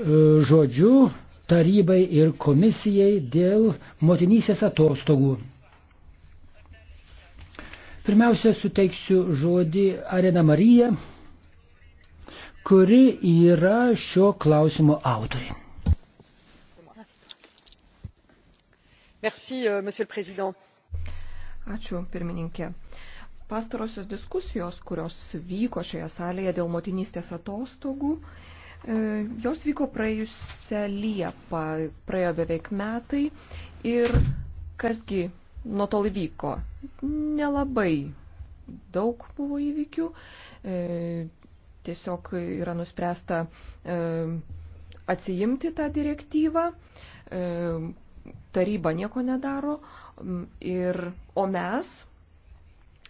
E, žodžiu tarybai ir komisijai dėl motinysės atostogų. Pirmiausia, suteiksiu žodį Arena Marija, kuri yra šio klausimo autorė. Merci, euh, monsieur le président. Ačiū, pirmininkė. Pastarosios diskusijos, kurios vyko šioje salėje dėl motinystės atostogų, uh, E, jos vyko praėjusią Liepą, praėjo beveik metai ir kasgi nuo tol įvyko? Nelabai daug buvo įvykių, e, tiesiog yra nuspręsta e, atsijimti tą direktyvą, taryba nieko nedaro, mm, ir, o mes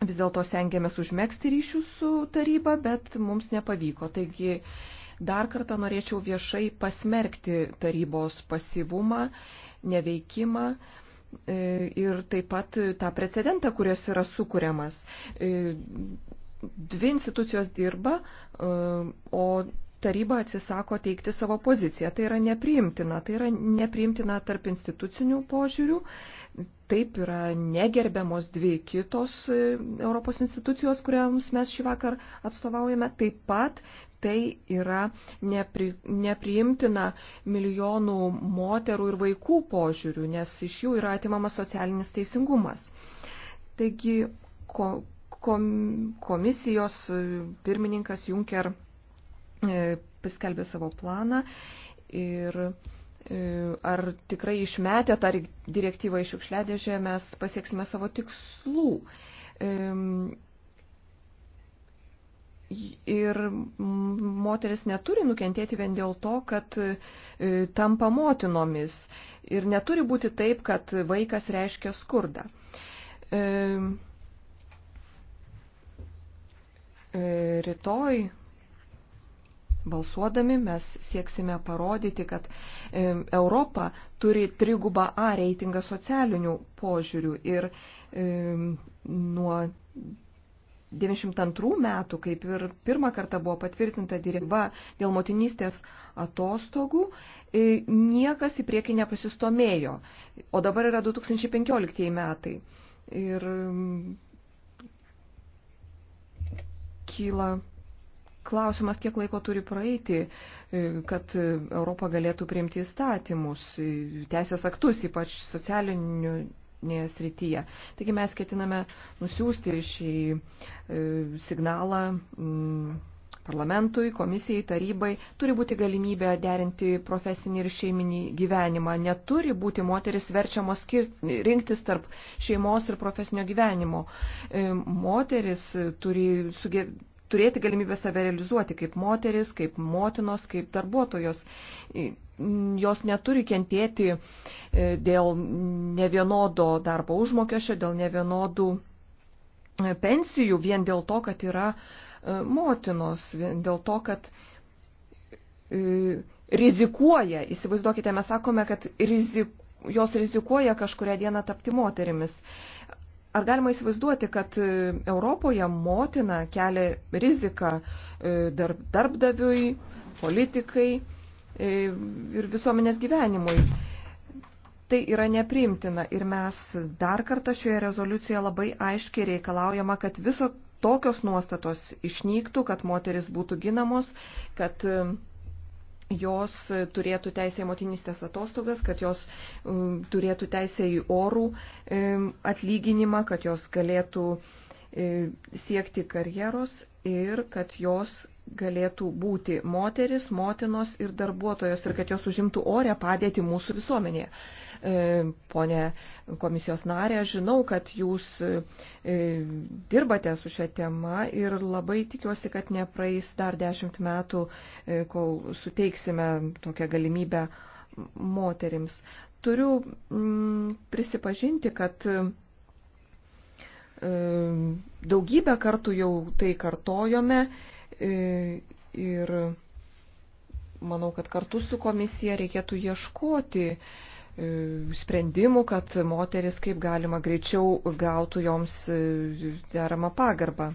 vis dėlto sengiamės užmėgsti ryšių su taryba, bet mums nepavyko. Taigi Dar kartą norėčiau viešai pasmerkti tarybos pasivumą, neveikimą e, ir taip pat tą precedentą, kuris yra sukūriamas. E, dvi institucijos dirba, e, o taryba atsisako teikti savo poziciją. Tai yra nepriimtina, tai yra nepriimtina tarp institucinių požiūrių, taip yra negerbiamos dvi kitos e, Europos institucijos, kuriams mes šį vakar atstovaujame, taip pat tai yra nepri, nepriimtina milijonų moterų ir vaikų požiūrių, nes iš jų yra atimamas socialinis teisingumas. Taigi ko, kom, komisijos e, pirmininkas Junker E, paskelbė savo planą ir e, ar tikrai išmetę tą direktyvą iš šiukšliadėžę mes pasieksime savo tikslų. Ir moteris neturi nukentėti vien dėl to, kad e, tampa motinomis. Ir neturi būti taip, kad vaikas reiškia skurdą. Rytoj Balsuodami mes sieksime parodyti, kad Europa turi trigubą A reitingą socialinių požiūrių ir nuo 92 metų, kaip ir pirmą kartą buvo patvirtinta dirba dėl motinystės atostogų, niekas į priekį nepasistomėjo. O dabar yra 2015 metai. Ir kyla Klausimas, kiek laiko turi praeiti, e, kad Europa galėtų priimti įstatymus, e, teisės aktus, ypač socialinių politinėje srityje. Taigi mes ketiname nusiųsti šį e, signalą parlamentui, komisijai, tarybai. Turi būti galimybė derinti profesinį ir šeiminį gyvenimą. Neturi būti moteris verčiamos skirti, rinktis tarp šeimos ir profesinio gyvenimo. Moteris turi sugebėti turėti galimybę save realizuoti kaip moteris, kaip motinos, kaip darbuotojos. Jos neturi kentėti e, dėl nevienodo darbo užmokesčio, dėl nevienodų e, pensijų vien dėl to, kad yra e, motinos, vien dėl to, kad rizikuoja. Įsivaizduokite, mes sakome, kad rizik, jos rizikuoja kažkuria diena tapti moterimis. Ar galima įsivaizduoti, kad e, Europoje motina kelia riziką e, darbdaviui, politikai e, ir visuomenės gyvenimui? Tai yra nepriimtina ir mes dar kartą šioje rezoliucijoje labai aiškiai reikalaujama, kad viso tokios nuostatos išnyktų, kad moteris būtų ginamos, kad jos turėtų teisę į motinystės atostogas, kad jos mm, turėtų teisę į orų mm, atlyginimą, kad jos galėtų mm, siekti karjeros ir kad jos galėtų būti moteris, motinos ir darbuotojos ir kad jos užimtų orę padėti mūsų visuomenėje. E, Pone komisijos narė, žinau, kad jūs e, dirbate su šią temą ir labai tikiuosi, kad nepraeis dar dešimt metų, e, kol suteiksime tokią galimybę moterims. Turiu mm, prisipažinti, kad Daugybę kartų jau tai kartojome e, ir manau, kad kartu su komisija reikėtų ieškoti e, sprendimų, kad moteris kaip galima greičiau gautų joms e, deramą pagarbą.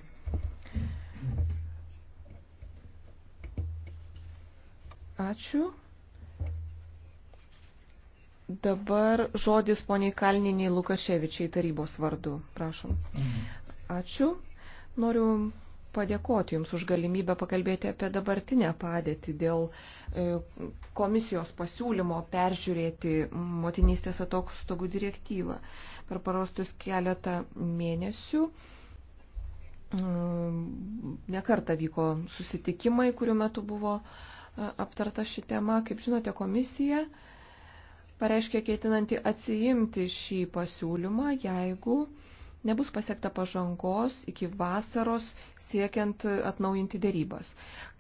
Ačiū. Dabar žodis poniai Kalniniai Lukaševičiai tarybos vardu. Prašom. Ačiū. Noriu padėkoti Jums už galimybę pakalbėti apie dabartinę padėtį dėl e, komisijos pasiūlymo peržiūrėti motinystės atostogų direktyvą. Per parostus keletą mėnesių e, nekarta vyko susitikimai, kurių metu buvo e, aptarta ši tema. Kaip žinote, komisija pareiškė keitinanti atsijimti šį pasiūlymą, jeigu nebus pasiekta pažangos iki vasaros siekiant atnaujinti dėrybas.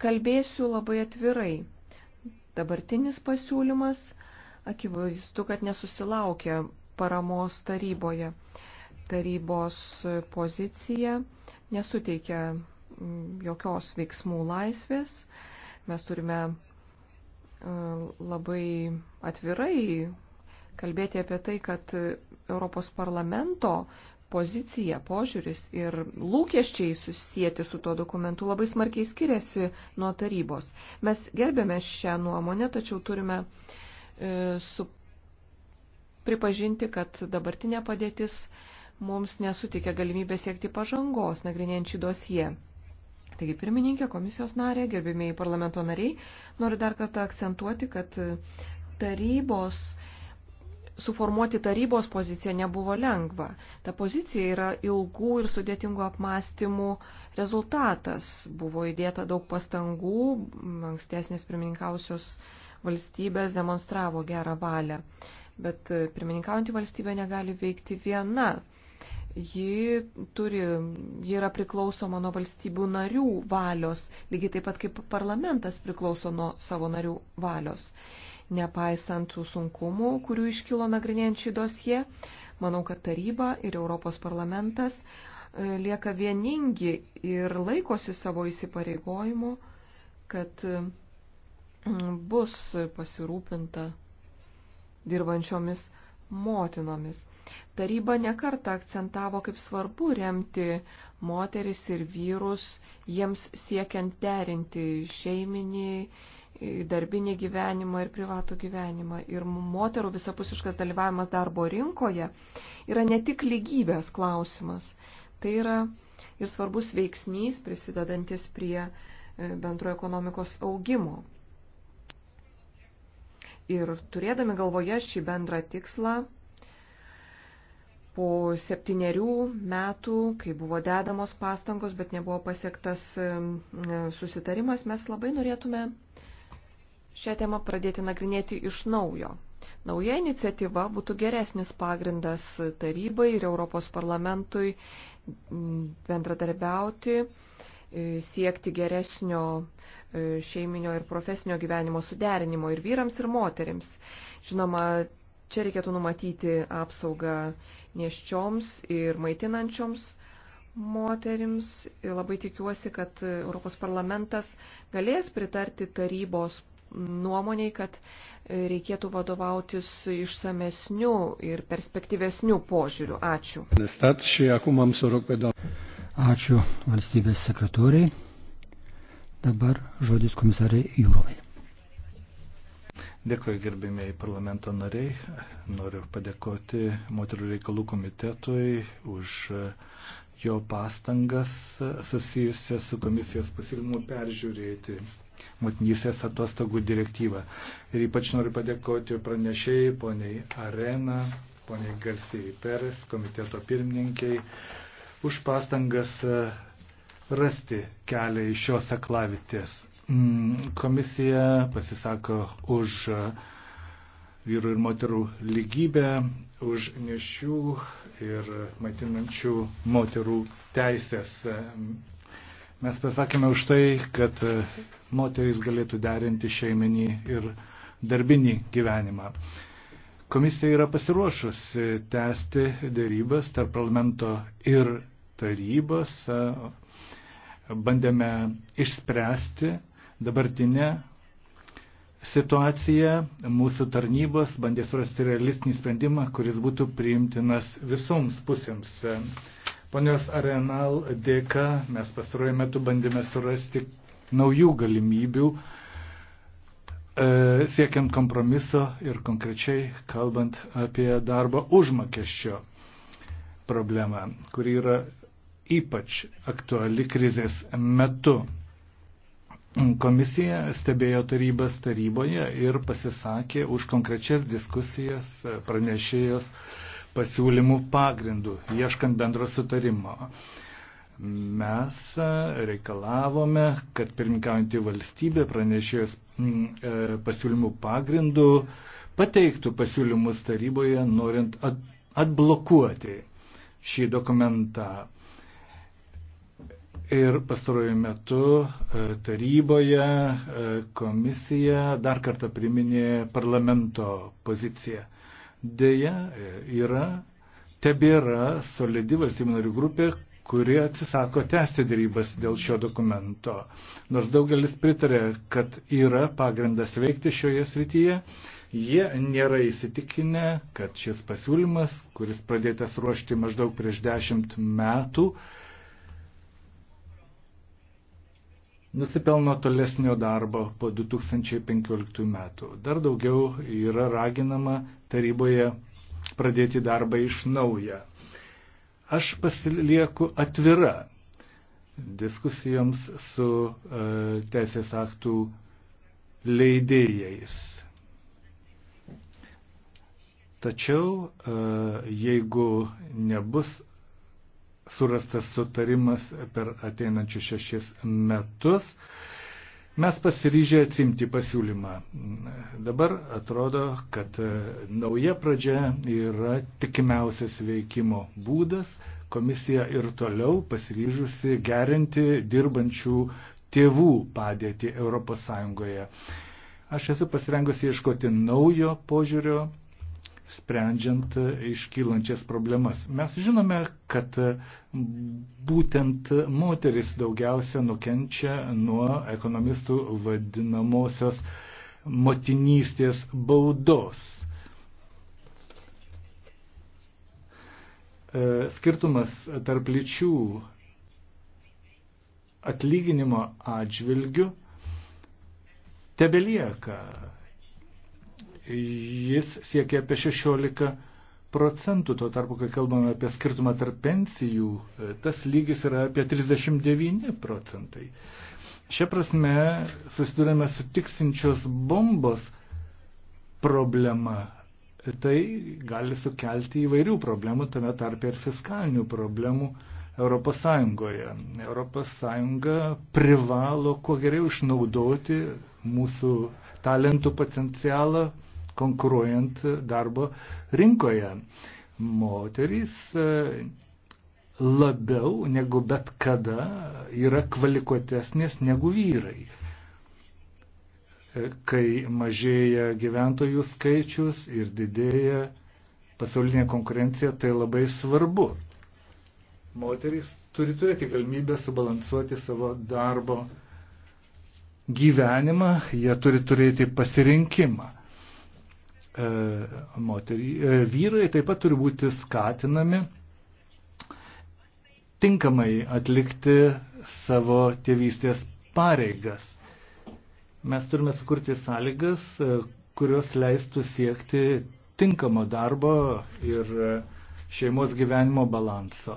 Kalbėsiu labai atvirai. Dabartinis pasiūlymas akivaizdu, kad nesusilaukė paramos taryboje. Tarybos pozicija nesuteikia mm, jokios veiksmų laisvės. Mes turime labai atvirai kalbėti apie tai, kad Europos parlamento pozicija, požiūris ir lūkesčiai susijęti su tuo dokumentu labai smarkiai skiriasi nuo tarybos. Mes gerbėme šią nuomonę, tačiau turime e, su, pripažinti, kad dabartinė padėtis mums nesutikė galimybę siekti pažangos nagrinėjančių dosiją. Taigi, pirmininkė, komisijos narė, gerbėmėjai parlamento nariai, noriu dar kartą akcentuoti, kad tarybos, suformuoti tarybos poziciją nebuvo lengva. Ta pozicija yra ilgų ir sudėtingų apmąstymų rezultatas. Buvo įdėta daug pastangų, ankstesnės pirmininkausios valstybės demonstravo gerą valią. Bet pirmininkaujantį valstybę negali veikti viena ji, turi, ji yra priklausoma nuo valstybių narių valios, lygiai taip pat kaip parlamentas priklauso nuo savo narių valios. Nepaisant tų sunkumų, kurių iškilo nagrinėjant šį dosiją, manau, kad taryba ir Europos parlamentas e, lieka vieningi ir laikosi savo įsipareigojimų, kad e, bus pasirūpinta dirbančiomis motinomis. Taryba nekarta akcentavo, kaip svarbu remti moteris ir vyrus, jiems siekiant derinti šeiminį, darbinį gyvenimą ir privatų gyvenimą. Ir moterų visapusiškas dalyvavimas darbo rinkoje yra ne tik lygybės klausimas, tai yra ir svarbus veiksnys prisidedantis prie e, bendro ekonomikos augimo. Ir turėdami galvoje šį bendrą tikslą, po septyniarių metų, kai buvo dedamos pastangos, bet nebuvo pasiektas e, susitarimas, mes labai norėtume šią temą pradėti nagrinėti iš naujo. Nauja iniciatyva būtų geresnis pagrindas tarybai ir Europos parlamentui bendradarbiauti, e, siekti geresnio e, šeiminio ir profesinio gyvenimo suderinimo ir vyrams, ir moterims. Žinoma, Čia reikėtų numatyti apsaugą nieščioms ir maitinančioms moterims. Ir labai tikiuosi, kad Europos parlamentas galės pritarti tarybos nuomoniai, kad reikėtų vadovautis išsamesnių ir perspektyvesnių požiūrių. Ačiū. Ačiū valstybės sekretoriai. Dabar žodis komisarai Jūrovai. Dėkuoju gerbėmiai parlamento nariai. Noriu padėkoti moterų reikalų komitetui už jo pastangas susijusias su komisijos pasiūlymu peržiūrėti motinysės atostogų direktyvą. Ir ypač noriu padėkoti pranešėjai, poniai Arena, poniai Garsiai Peres, komiteto pirmininkiai, už pastangas rasti kelią iš šios aklavitės. Mm, komisija pasisako už uh, vyrų ir moterų lygybę, už nešių ir maitinančių moterų teisės. Mm, mes pasakėme už tai, kad uh, moterys galėtų derinti šeiminį ir darbinį gyvenimą. Komisija yra pasiruošusi tęsti dėrybas tarp parlamento ir tarybos. Uh, bandėme išspręsti dabartinę situaciją. Mūsų tarnybos bandė surasti realistinį sprendimą, kuris būtų priimtinas visoms pusėms. Ponios Arenal dėka mes pastaruoju metu bandėme surasti naujų galimybių e, siekiant kompromiso ir konkrečiai kalbant apie darbo užmokesčio problemą, kuri yra ypač aktuali krizės metu. Komisija stebėjo tarybas taryboje ir pasisakė už konkrečias diskusijas pranešėjos pasiūlymų pagrindų, ieškant bendro sutarimo mes reikalavome, kad pirmininkaujantį valstybę pranešėjos mm, e, pasiūlymų pagrindų pateiktų pasiūlymus taryboje, norint atblokuoti šį dokumentą. Ir pastaruoju metu e, taryboje e, komisija dar kartą priminė parlamento poziciją. Deja, e, yra, tebėra solidi valstybių narių grupė, kuri atsisako tęsti dėrybas dėl šio dokumento. Nors daugelis pritarė, kad yra pagrindas veikti šioje srityje, jie nėra įsitikinę, kad šis pasiūlymas, kuris pradėtas ruošti maždaug prieš dešimt metų, nusipelno tolesnio darbo po 2015 metų. Dar daugiau yra raginama taryboje pradėti darbą iš naujo. Aš pasilieku atvira diskusijoms su e, teisės aktų leidėjais. Tačiau, e, jeigu nebus surastas sutarimas per ateinančius šešis metus. Mes pasiryžę atsimti pasiūlymą. Dabar atrodo, kad e, nauja pradžia yra tikimiausias veikimo būdas. Komisija ir toliau pasiryžusi gerinti dirbančių tėvų padėtį ES. Aš esu pasirengusi ieškoti naujo požiūrio sprendžiant iškylančias problemas. Mes žinome, kad būtent moteris daugiausia nukenčia nuo ekonomistų vadinamosios motinystės baudos. E, skirtumas tarp lyčių atlyginimo atžvilgių tebelieka jis siekia apie 16 procentų, tuo tarpu, kai kalbame apie skirtumą tarp pensijų, e, tas lygis yra apie 39 procentai. Šia prasme susidurėme su tiksinčios bombos problema. Tai gali sukelti įvairių problemų, tame tarp ir fiskalinių problemų Europos Sąjungoje. Europos Sąjunga privalo kuo geriau išnaudoti mūsų talentų potencialą, konkuruojant darbo rinkoje. Moterys e, labiau negu bet kada yra kvalifikuotesnės negu vyrai. E, kai mažėja gyventojų skaičius ir didėja pasaulinė konkurencija, tai labai svarbu. Moterys turi turėti galimybę subalansuoti savo darbo gyvenimą, jie turi turėti pasirinkimą. E, moterį, e, vyrai taip pat turi būti skatinami tinkamai atlikti savo tėvystės pareigas. Mes turime sukurti sąlygas, e, kurios leistų siekti tinkamo darbo ir šeimos gyvenimo balanso.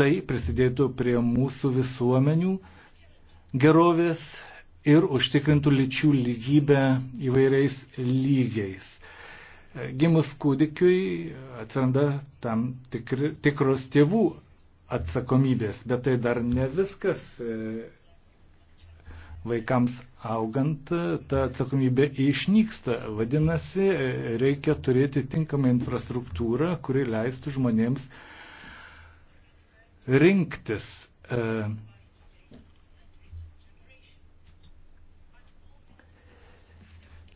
Tai prisidėtų prie mūsų visuomenių gerovės ir užtikrintų lyčių lygybę įvairiais lygiais. Gimus kūdikiui atsiranda tam tikri, tikros tėvų atsakomybės, bet tai dar ne viskas. Vaikams augant ta atsakomybė išnyksta. Vadinasi, reikia turėti tinkamą infrastruktūrą, kuri leistų žmonėms rinktis. E,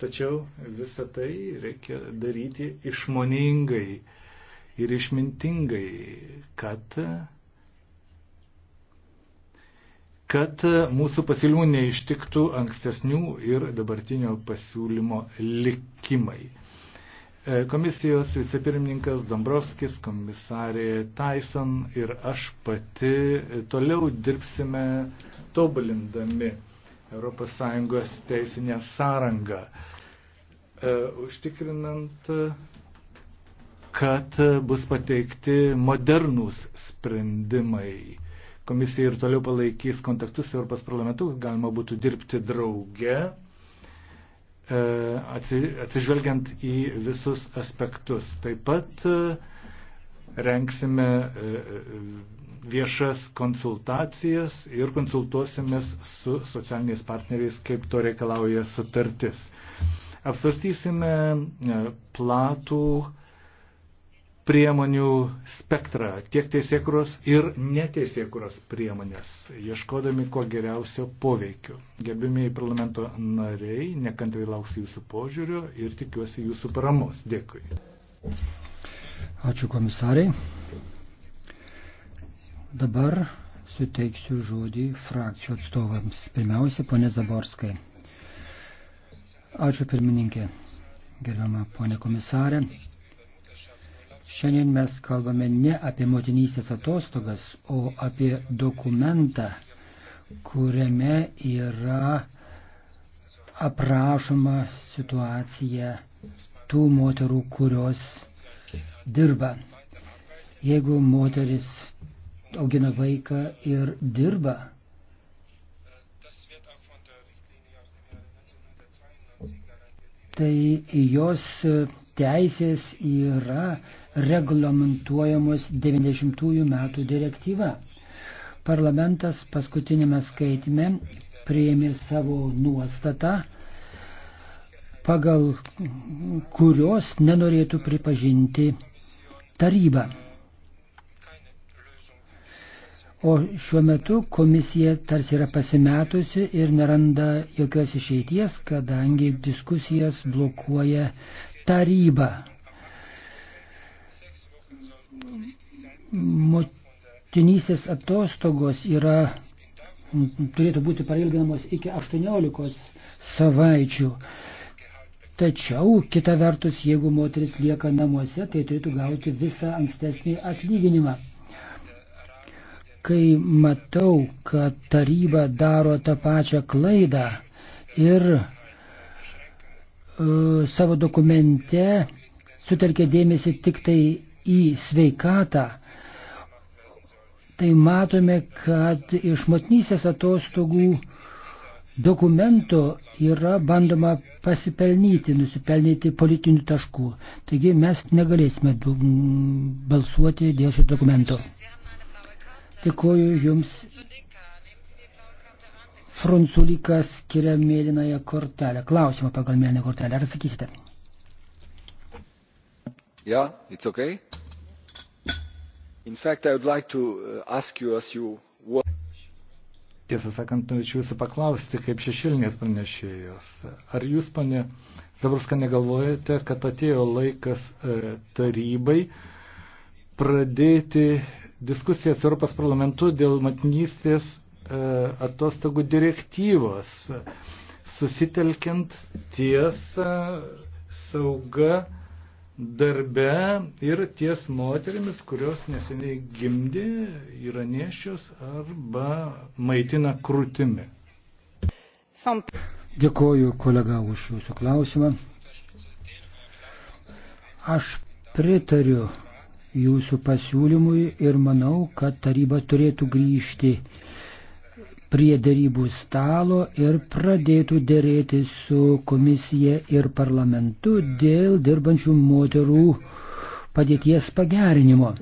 Tačiau visą tai reikia daryti išmoningai ir išmintingai, kad, kad mūsų pasiūlymų neištiktų ankstesnių ir dabartinio pasiūlymo likimai. E, komisijos vicepirmininkas Dombrovskis, komisarė Tyson ir aš pati toliau dirbsime tobulindami ES teisinę sąrangą. E, užtikrinant, kad bus pateikti modernūs sprendimai. Komisija ir toliau palaikys kontaktus su Europos parlamentu, galima būtų dirbti drauge, e, atsižvelgiant į visus aspektus. Taip pat e, renksime viešas konsultacijas ir konsultuosimės su socialiniais partneriais, kaip to reikalauja sutartis. Apsvarstysime e, platų priemonių spektrą, tiek teisėkuros ir neteisėkuros priemonės, ieškodami kuo geriausio poveikio. Gerbimieji parlamento nariai, nekantrai lauksiu jūsų požiūrio ir tikiuosi jūsų paramos. Dėkui. Ačiū komisariai. Dabar suteiksiu žodį frakcijų atstovams. Pirmiausia, ponė Zaborskai. Ačiū pirmininkė, gerbiama ponė komisarė. Šiandien mes kalbame ne apie motinystės atostogas, o apie dokumentą, kuriame yra aprašoma situacija tų moterų, kurios dirba. Jeigu moteris augina vaiką ir dirba, tai jos teisės yra reglamentuojamos 90-ųjų metų direktyva. Parlamentas paskutinėme skaitime prieimė savo nuostatą, pagal kurios nenorėtų pripažinti taryba. O šiuo metu komisija tarsi yra pasimetusi ir neranda jokios išeities, kadangi diskusijas blokuoja taryba. Motinysės atostogos yra, turėtų būti parilginamos iki 18 savaičių. Tačiau, kita vertus, jeigu moteris lieka namuose, tai turėtų gauti visą ankstesnį atlyginimą kai matau, kad taryba daro tą pačią klaidą ir e, savo dokumente sutelkė dėmesį tik tai į sveikatą, tai matome, kad iš motinysės atostogų dokumento yra bandoma pasipelnyti, nusipelnyti politinių taškų. Taigi mes negalėsime balsuoti dėl šio dokumento. Dėkuoju Jums. Frunzulikas skiria mėlynąją kortelę. Klausimą pagal mėlynąją kortelę. Ar sakysite? Yeah, it's okay. In fact, I would like to uh, ask you as you were... Tiesą sakant, norėčiau jūsų paklausti, kaip šešilnės pranešėjos. Ar jūs, pane Zabrska, negalvojate, kad atėjo laikas e, tarybai pradėti diskusijas Europos parlamentu dėl matnystės e, atostogų direktyvos, susitelkiant ties sauga darbe ir ties moterimis, kurios neseniai gimdė, yra nešios arba maitina krūtimi. Dėkoju kolega už jūsų klausimą. Aš pritariu jūsų pasiūlymui ir manau, kad taryba turėtų grįžti prie darybų stalo ir pradėtų dėrėti su komisija ir parlamentu dėl dirbančių moterų padėties pagerinimo.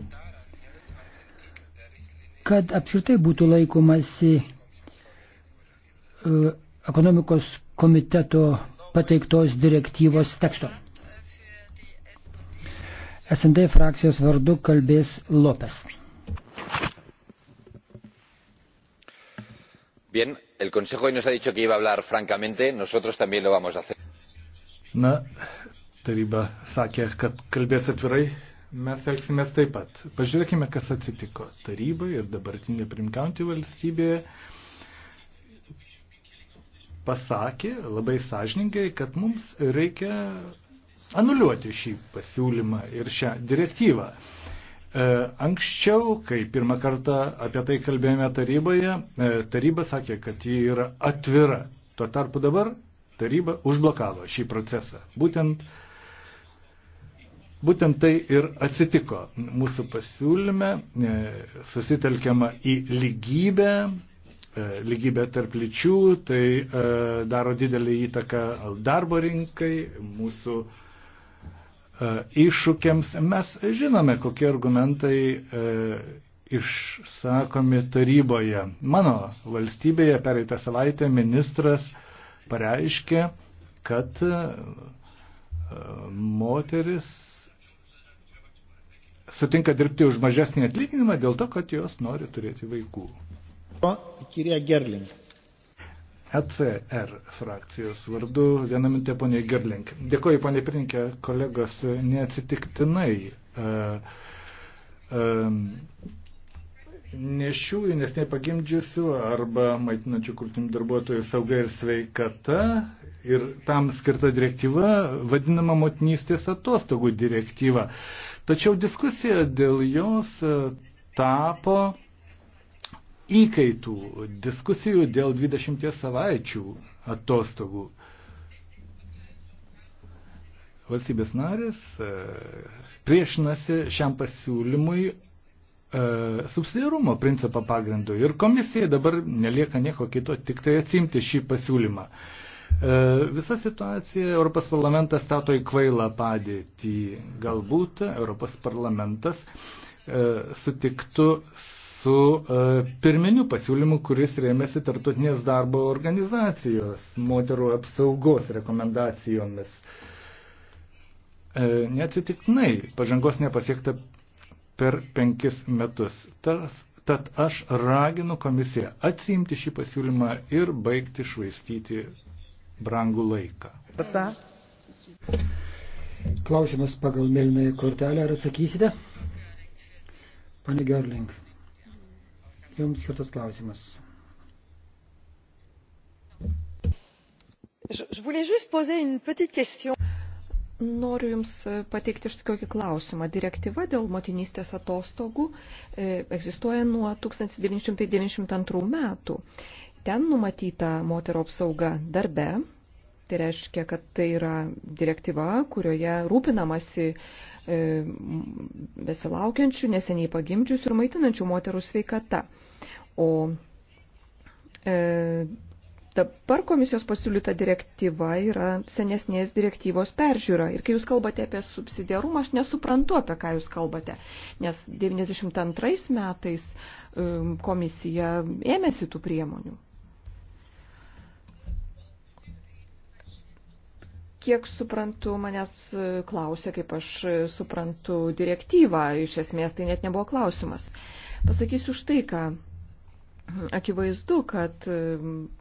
Kad apskritai būtų laikomasi e, ekonomikos komiteto pateiktos direktyvos teksto. SND frakcijos vardu kalbės Lopes. Bien, el Consejo hoy nos ha dicho que iba a hablar francamente, nosotros también lo vamos a hacer. Na, taryba sakė, kad kalbės atvirai, mes elgsimės taip pat. Pažiūrėkime, kas atsitiko tarybai ir dabartinė primkiaunti valstybėje pasakė labai sąžininkai, kad mums reikia anuliuoti šį pasiūlymą ir šią direktyvą. E, anksčiau, kai pirmą kartą apie tai kalbėjome taryboje, e, taryba sakė, kad ji yra atvira. Tuo tarpu dabar taryba užblokavo šį procesą. Būtent, būtent tai ir atsitiko. Mūsų pasiūlyme e, susitelkiama į lygybę, lygybė tarp lyčių, tai daro didelį įtaką darbo rinkai, mūsų E, iššūkiams. Mes žinome, kokie argumentai e, išsakomi taryboje. Mano valstybėje pereitą savaitę ministras pareiškė, kad e, moteris sutinka dirbti už mažesnį atlyginimą dėl to, kad jos nori turėti vaikų. Kyrie Gerling. ECR frakcijos vardu. Vieną minutę, ponė Gerlink. Dėkoju, ponė Pirinkė, kolegos, neatsitiktinai. Uh, um, Nešiųjų, nes nepagimdžiusių arba maitinančių kurtinių darbuotojų sauga ir sveikata ir tam skirta direktyva vadinama motinystės atostogų direktyva. Tačiau diskusija dėl jos e, tapo įkaitų, diskusijų dėl 20 savaičių atostogų. Valstybės narės e, priešinasi šiam pasiūlymui e, subsidiarumo principą pagrindu ir komisijai dabar nelieka nieko kito, tik tai atsimti šį pasiūlymą. E, visa situacija Europos parlamentas stato į kvailą padėtį. Galbūt Europos parlamentas sutiktų su e, pirminiu pasiūlymu, kuris rėmėsi tartutinės darbo organizacijos moterų apsaugos rekomendacijomis. E, neatsitiktinai pažangos nepasiekta per penkis metus. Tas, tad aš raginu komisiją atsiimti šį pasiūlymą ir baigti švaistyti brangų laiką. Pata. Klausimas pagal mėlynąją kortelę, ar atsakysite? Pane Gerling. Jums skirtas klausimas. Noriu Jums pateikti štai kokį klausimą. Direktyva dėl motinystės atostogų e, egzistuoja nuo 1992 metų. Ten numatyta moterų apsauga darbe. Tai reiškia, kad tai yra direktyva, kurioje rūpinamasi e, besilaukiančių, neseniai pagimdžiusių ir maitinančių moterų sveikata. O e, dabar komisijos pasiūlyta direktyva yra senesnės direktyvos peržiūra. Ir kai jūs kalbate apie subsidiarumą, aš nesuprantu, apie ką jūs kalbate. Nes 92 metais e, komisija ėmėsi tų priemonių. Kiek suprantu, manęs klausė, kaip aš suprantu direktyvą, iš esmės tai net nebuvo klausimas. Pasakysiu štai ką akivaizdu, kad e,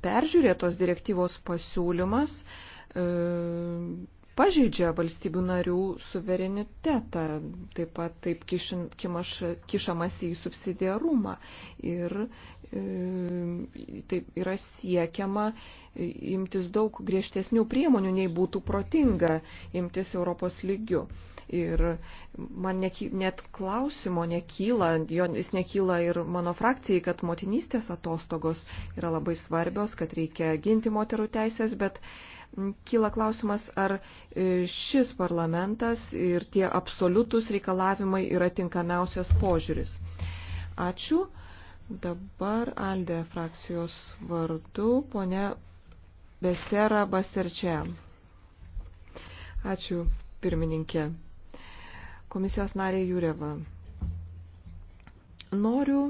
peržiūrėtos direktyvos pasiūlymas e, pažeidžia valstybių narių suverenitetą, taip pat taip kišimaš, kišamas į subsidiarumą ir e, taip yra siekiama imtis daug griežtesnių priemonių, nei būtų protinga imtis Europos lygių. Ir man neky, net klausimo nekyla, jo, jis nekyla ir mano frakcijai, kad motinystės atostogos yra labai svarbios, kad reikia ginti moterų teisės, bet e, kyla klausimas, ar e, šis parlamentas ir tie absoliutus reikalavimai yra tinkamiausias požiūris. Ačiū. Dabar Aldė frakcijos vardu ponė Besera Basterčia. Ačiū, pirmininkė. Komisijos narė Jureva. Noriu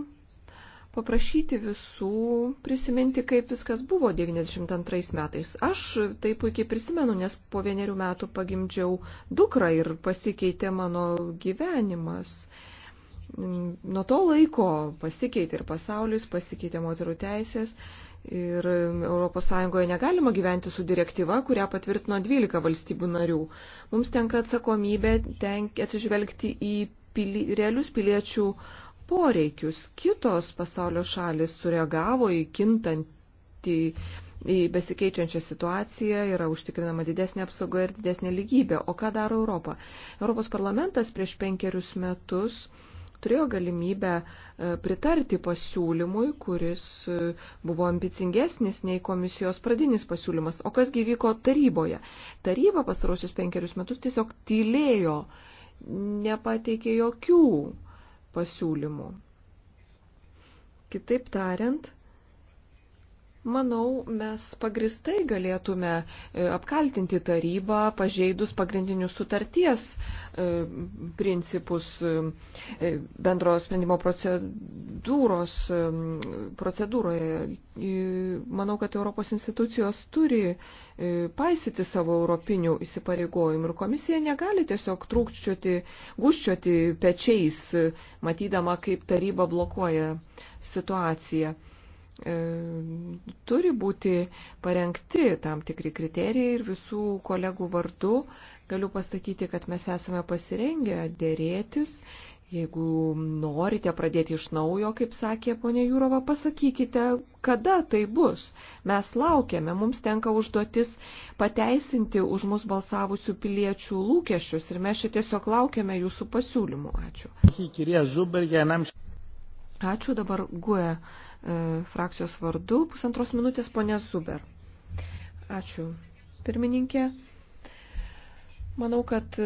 paprašyti visų prisiminti, kaip viskas buvo 92 metais. Aš tai puikiai prisimenu, nes po vienerių metų pagimdžiau dukrą ir pasikeitė mano gyvenimas. Nuo to laiko pasikeitė ir pasaulis, pasikeitė moterų teisės ir ES negalima gyventi su direktyva, kurią patvirtino 12 valstybių narių. Mums tenka atsakomybė tenk, atsižvelgti į pili, realius piliečių poreikius. Kitos pasaulio šalis sureagavo į kintantį, į besikeičiančią situaciją, yra užtikrinama didesnė apsauga ir didesnė lygybė. O ką daro Europa? Europos parlamentas prieš penkerius metus turėjo galimybę e, pritarti pasiūlymui, kuris e, buvo ambicingesnis nei komisijos pradinis pasiūlymas. O kas gyvyko taryboje? Taryba pastarosius penkerius metus tiesiog tylėjo, nepateikė jokių pasiūlymų. Kitaip tariant, Manau, mes pagristai galėtume e, apkaltinti tarybą pažeidus pagrindinius sutarties e, principus e, bendro sprendimo procedūros, procedūroje. Manau, kad Europos institucijos turi paisyti savo europinių įsipareigojimų ir komisija negali tiesiog trūkčioti, guščioti pečiais, matydama, kaip taryba blokuoja situaciją. E, turi būti parengti tam tikri kriterijai ir visų kolegų vardu galiu pasakyti, kad mes esame pasirengę dėrėtis. Jeigu norite pradėti iš naujo, kaip sakė ponė Jūrova, pasakykite, kada tai bus. Mes laukiame, mums tenka užduotis pateisinti už mus balsavusių piliečių lūkesčius ir mes čia tiesiog laukiame jūsų pasiūlymų. Ačiū. Ačiū dabar Guė E, frakcijos vardu pusantros minutės ponė Zuber. Ačiū, pirmininkė. Manau, kad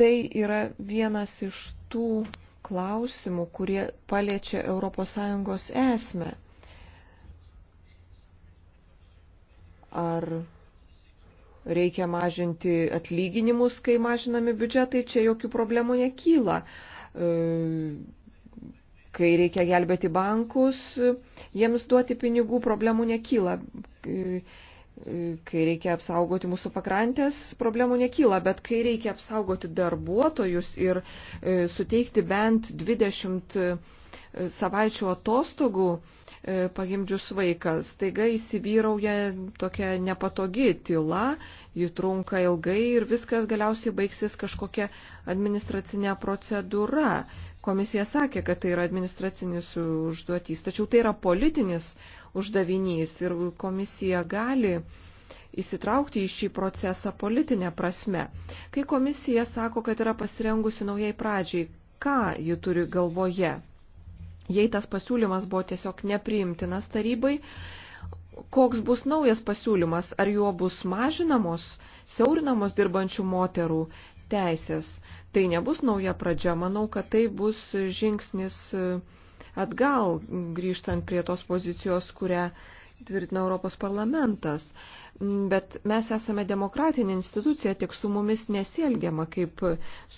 tai yra vienas iš tų klausimų, kurie paliečia ES esmę. Ar reikia mažinti atlyginimus, kai mažinami biudžetai, čia jokių problemų nekyla. E, kai reikia gelbėti bankus, jiems duoti pinigų problemų nekyla. Kai reikia apsaugoti mūsų pakrantės, problemų nekyla, bet kai reikia apsaugoti darbuotojus ir e, suteikti bent 20 e, savaičių atostogų e, pagimdžius vaikas, taiga įsivyrauja tokia nepatogi tyla, ji trunka ilgai ir viskas galiausiai baigsis kažkokia administracinė procedūra. Komisija sakė, kad tai yra administracinis užduotys, tačiau tai yra politinis uždavinys ir komisija gali įsitraukti į šį procesą politinę prasme. Kai komisija sako, kad yra pasirengusi naujai pradžiai, ką ji turi galvoje? Jei tas pasiūlymas buvo tiesiog nepriimtinas tarybai, koks bus naujas pasiūlymas, ar juo bus mažinamos, siaurinamos dirbančių moterų teisės. Tai nebus nauja pradžia, manau, kad tai bus žingsnis atgal, grįžtant prie tos pozicijos, kurią tvirtina Europos parlamentas. Bet mes esame demokratinė institucija, tik su mumis nesielgiama kaip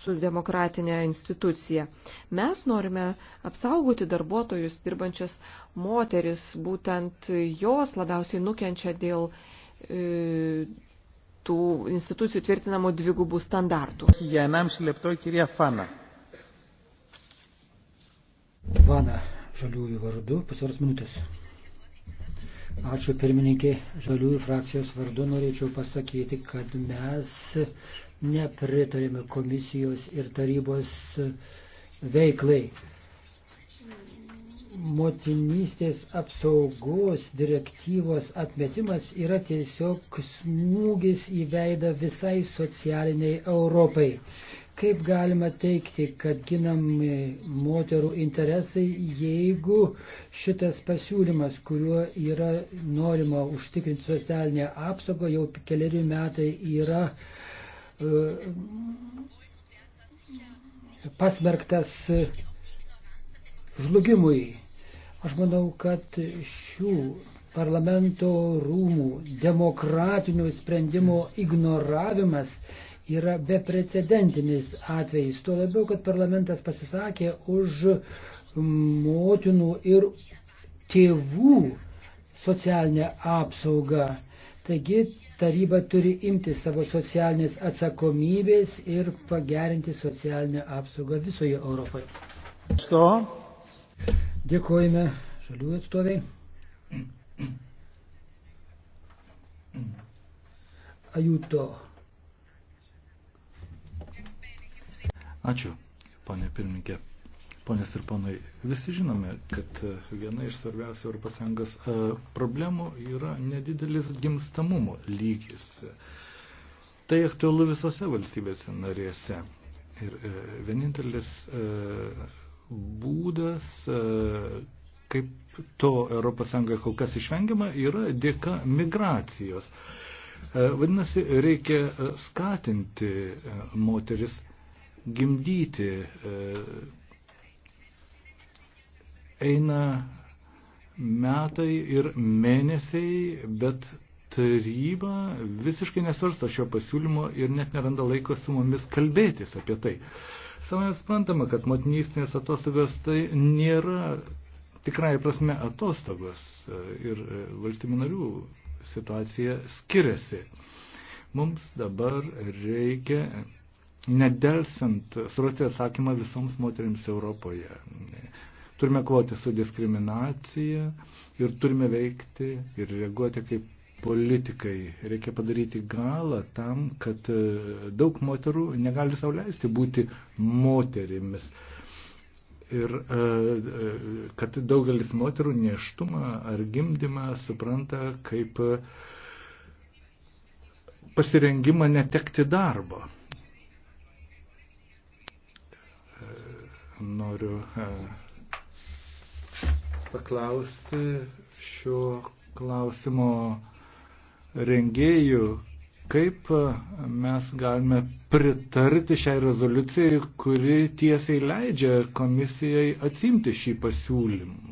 su demokratinė institucija. Mes norime apsaugoti darbuotojus, dirbančias moteris, būtent jos labiausiai nukenčia dėl e, tų institucijų tvirtinamų dvigubų standartų. Vana, žaliųjų vardu, pusvaros minutės. Ačiū pirmininkė, žaliųjų frakcijos vardu norėčiau pasakyti, kad mes nepritarėme komisijos ir tarybos veiklai motinystės apsaugos direktyvos atmetimas yra tiesiog smūgis į veidą visai socialiniai Europai. Kaip galima teikti, kad ginami moterų interesai, jeigu šitas pasiūlymas, kuriuo yra norima užtikrinti socialinę apsaugą, jau keliari metai yra uh, pasmerktas žlugimui. Aš manau, kad šių parlamento rūmų demokratinių sprendimų ignoravimas yra beprecedentinis atvejis. Tuo labiau, kad parlamentas pasisakė už motinų ir tėvų socialinę apsaugą. Taigi taryba turi imti savo socialinės atsakomybės ir pagerinti socialinę apsaugą visoje Europoje. Sto. Dėkojame žaliųjų atstoviai. Ajuto. Ačiū, ponė pirmininkė. Ponės ir ponai, visi žinome, kad e, viena iš svarbiausių ES e, problemų yra nedidelis gimstamumo lygis. Tai aktualu visose valstybėse narėse. Ir e, vienintelis būdas, e, kaip to ES kol kas išvengiama, yra dėka migracijos. E, vadinasi, reikia e, skatinti moteris gimdyti. Eina metai ir mėnesiai, bet taryba visiškai nesvarsto šio pasiūlymo ir net neranda laiko su mumis kalbėtis apie tai. Uh, Savai suprantama, kad motinystės atostogos tai nėra tikrai prasme atostogos e, ir e, valstybių narių situacija skiriasi. Mums dabar reikia nedelsiant surasti atsakymą visoms moteriams Europoje. Turime kovoti su diskriminacija ir turime veikti ir reaguoti kaip politikai. Reikia padaryti galą tam, kad e, daug moterų negali sauliaisti būti moterimis. Ir e, e, kad daugelis moterų neštumą ar gimdymą supranta kaip pasirengimą netekti darbo. Noriu paklausti šio klausimo rengėjų, kaip e, mes galime pritarti šiai rezoliucijai, kuri tiesiai leidžia komisijai atsimti šį pasiūlymą.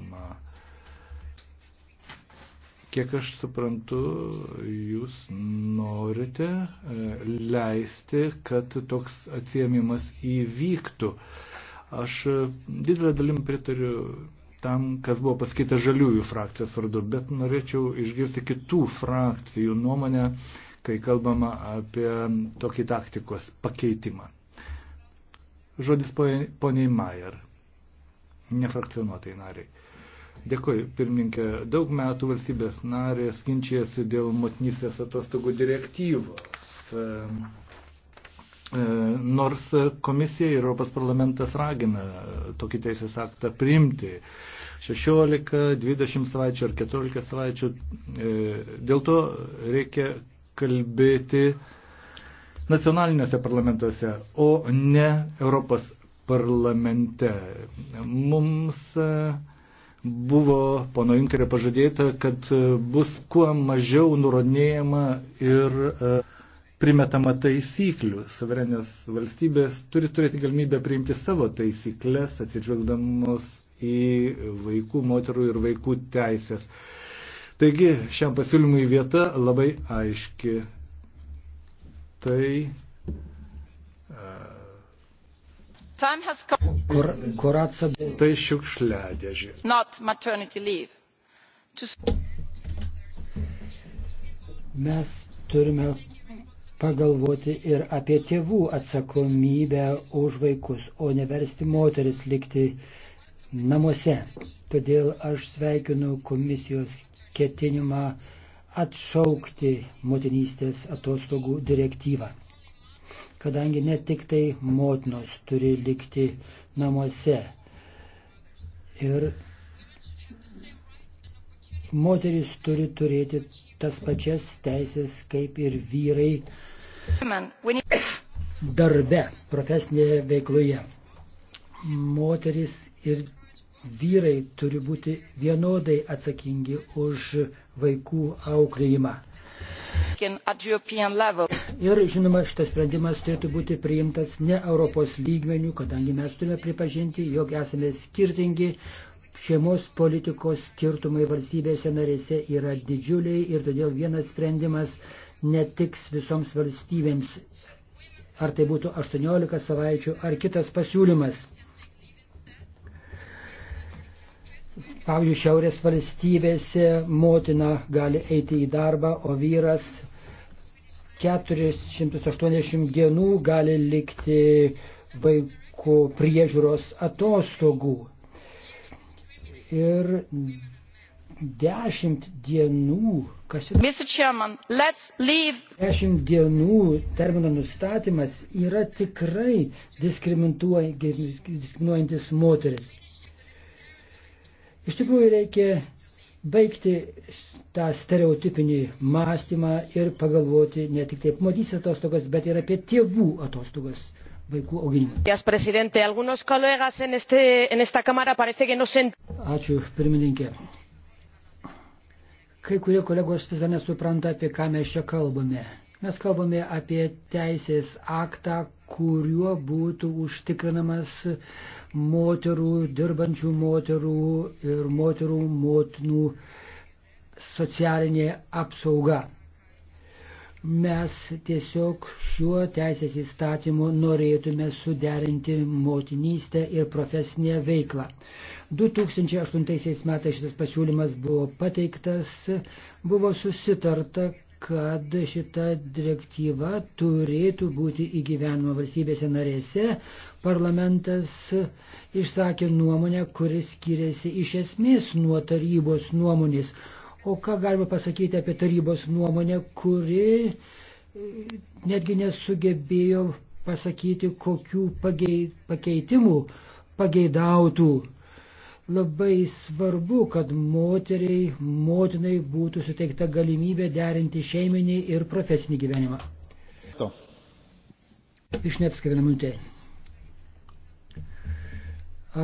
Kiek aš suprantu, jūs norite e, leisti, kad toks atsiemimas įvyktų. Aš e, didelę dalim pritariu tam, kas buvo pasakyta žaliųjų frakcijos vardu, bet norėčiau išgirsti kitų frakcijų nuomonę, kai kalbama apie tokį taktikos pakeitimą. Žodis poniai Mayer, nefrakcionuotai nariai. Dėkui, pirmininkė. Daug metų valstybės narės ginčijasi dėl motinystės atostogų direktyvos. E, nors komisija ir Europos parlamentas ragina tokį teisės aktą priimti. 16, 20 savaičių ar 14 savaičių. E, dėl to reikia kalbėti nacionaliniuose parlamentuose, o ne Europos parlamente. Mums e, buvo pono Junkerio pažadėta, kad bus kuo mažiau nurodinėjama ir uh, primetama taisyklių. Suverenios valstybės turi turėti galimybę priimti savo taisyklės, atsižvelgdamos į vaikų, moterų ir vaikų teisės. Taigi šiam pasiūlymui vieta labai aiški. Tai. E, kur, kur atsabė? Tai šiukšliadėžė. To... Mes turime pagalvoti ir apie tėvų atsakomybę už vaikus, o neversti moteris likti namuose. Todėl aš sveikinu komisijos ketinimą atšaukti motinystės atostogų direktyvą. Kadangi ne tik tai motinos turi likti namuose ir moteris turi turėti tas pačias teisės kaip ir vyrai Darbe, profesinėje veikloje moteris ir vyrai turi būti vienodai atsakingi už vaikų auklėjimą. Ir žinoma, šitas sprendimas turėtų būti priimtas ne Europos lygmenių, kadangi mes turime pripažinti, jog esame skirtingi, šeimos politikos skirtumai valstybėse narėse yra didžiuliai ir todėl vienas sprendimas netiks visoms valstybėms, ar tai būtų 18 savaičių ar kitas pasiūlymas. Pavyzdžiui, šiaurės valstybėse motina gali eiti į darbą, o vyras 480 dienų gali likti vaikų priežiūros atostogų. Ir dešimt dienų, kas yra. Mr. Chairman, let's leave. Dešimt dienų termino nustatymas yra tikrai diskriminuojantis moteris. Iš tikrųjų reikia baigti tą stereotipinį mąstymą ir pagalvoti ne tik taip modysis atostogas, bet ir apie tėvų atostogas vaikų auginimą. Ačiū, pirmininkė. Kai kurie kolegos vis dar nesupranta, apie ką mes čia kalbame. Mes kalbame apie teisės aktą, kuriuo būtų užtikrinamas moterų, dirbančių moterų ir moterų motinų socialinė apsauga. Mes tiesiog šiuo teisės įstatymu norėtume suderinti motinystę ir profesinę veiklą. 2008 metais šitas pasiūlymas buvo pateiktas, buvo susitarta, kad šita direktyva turėtų būti įgyvenama valstybėse narėse. Parlamentas išsakė nuomonę, kuris skiriasi iš esmės nuo tarybos nuomonės. O ką galima pasakyti apie tarybos nuomonę, kuri netgi nesugebėjo pasakyti, kokių pagei, pakeitimų pageidautų Labai svarbu, kad moteriai, motinai būtų suteikta galimybė derinti šeiminį ir profesinį gyvenimą. To. Išnepska vieną minutę.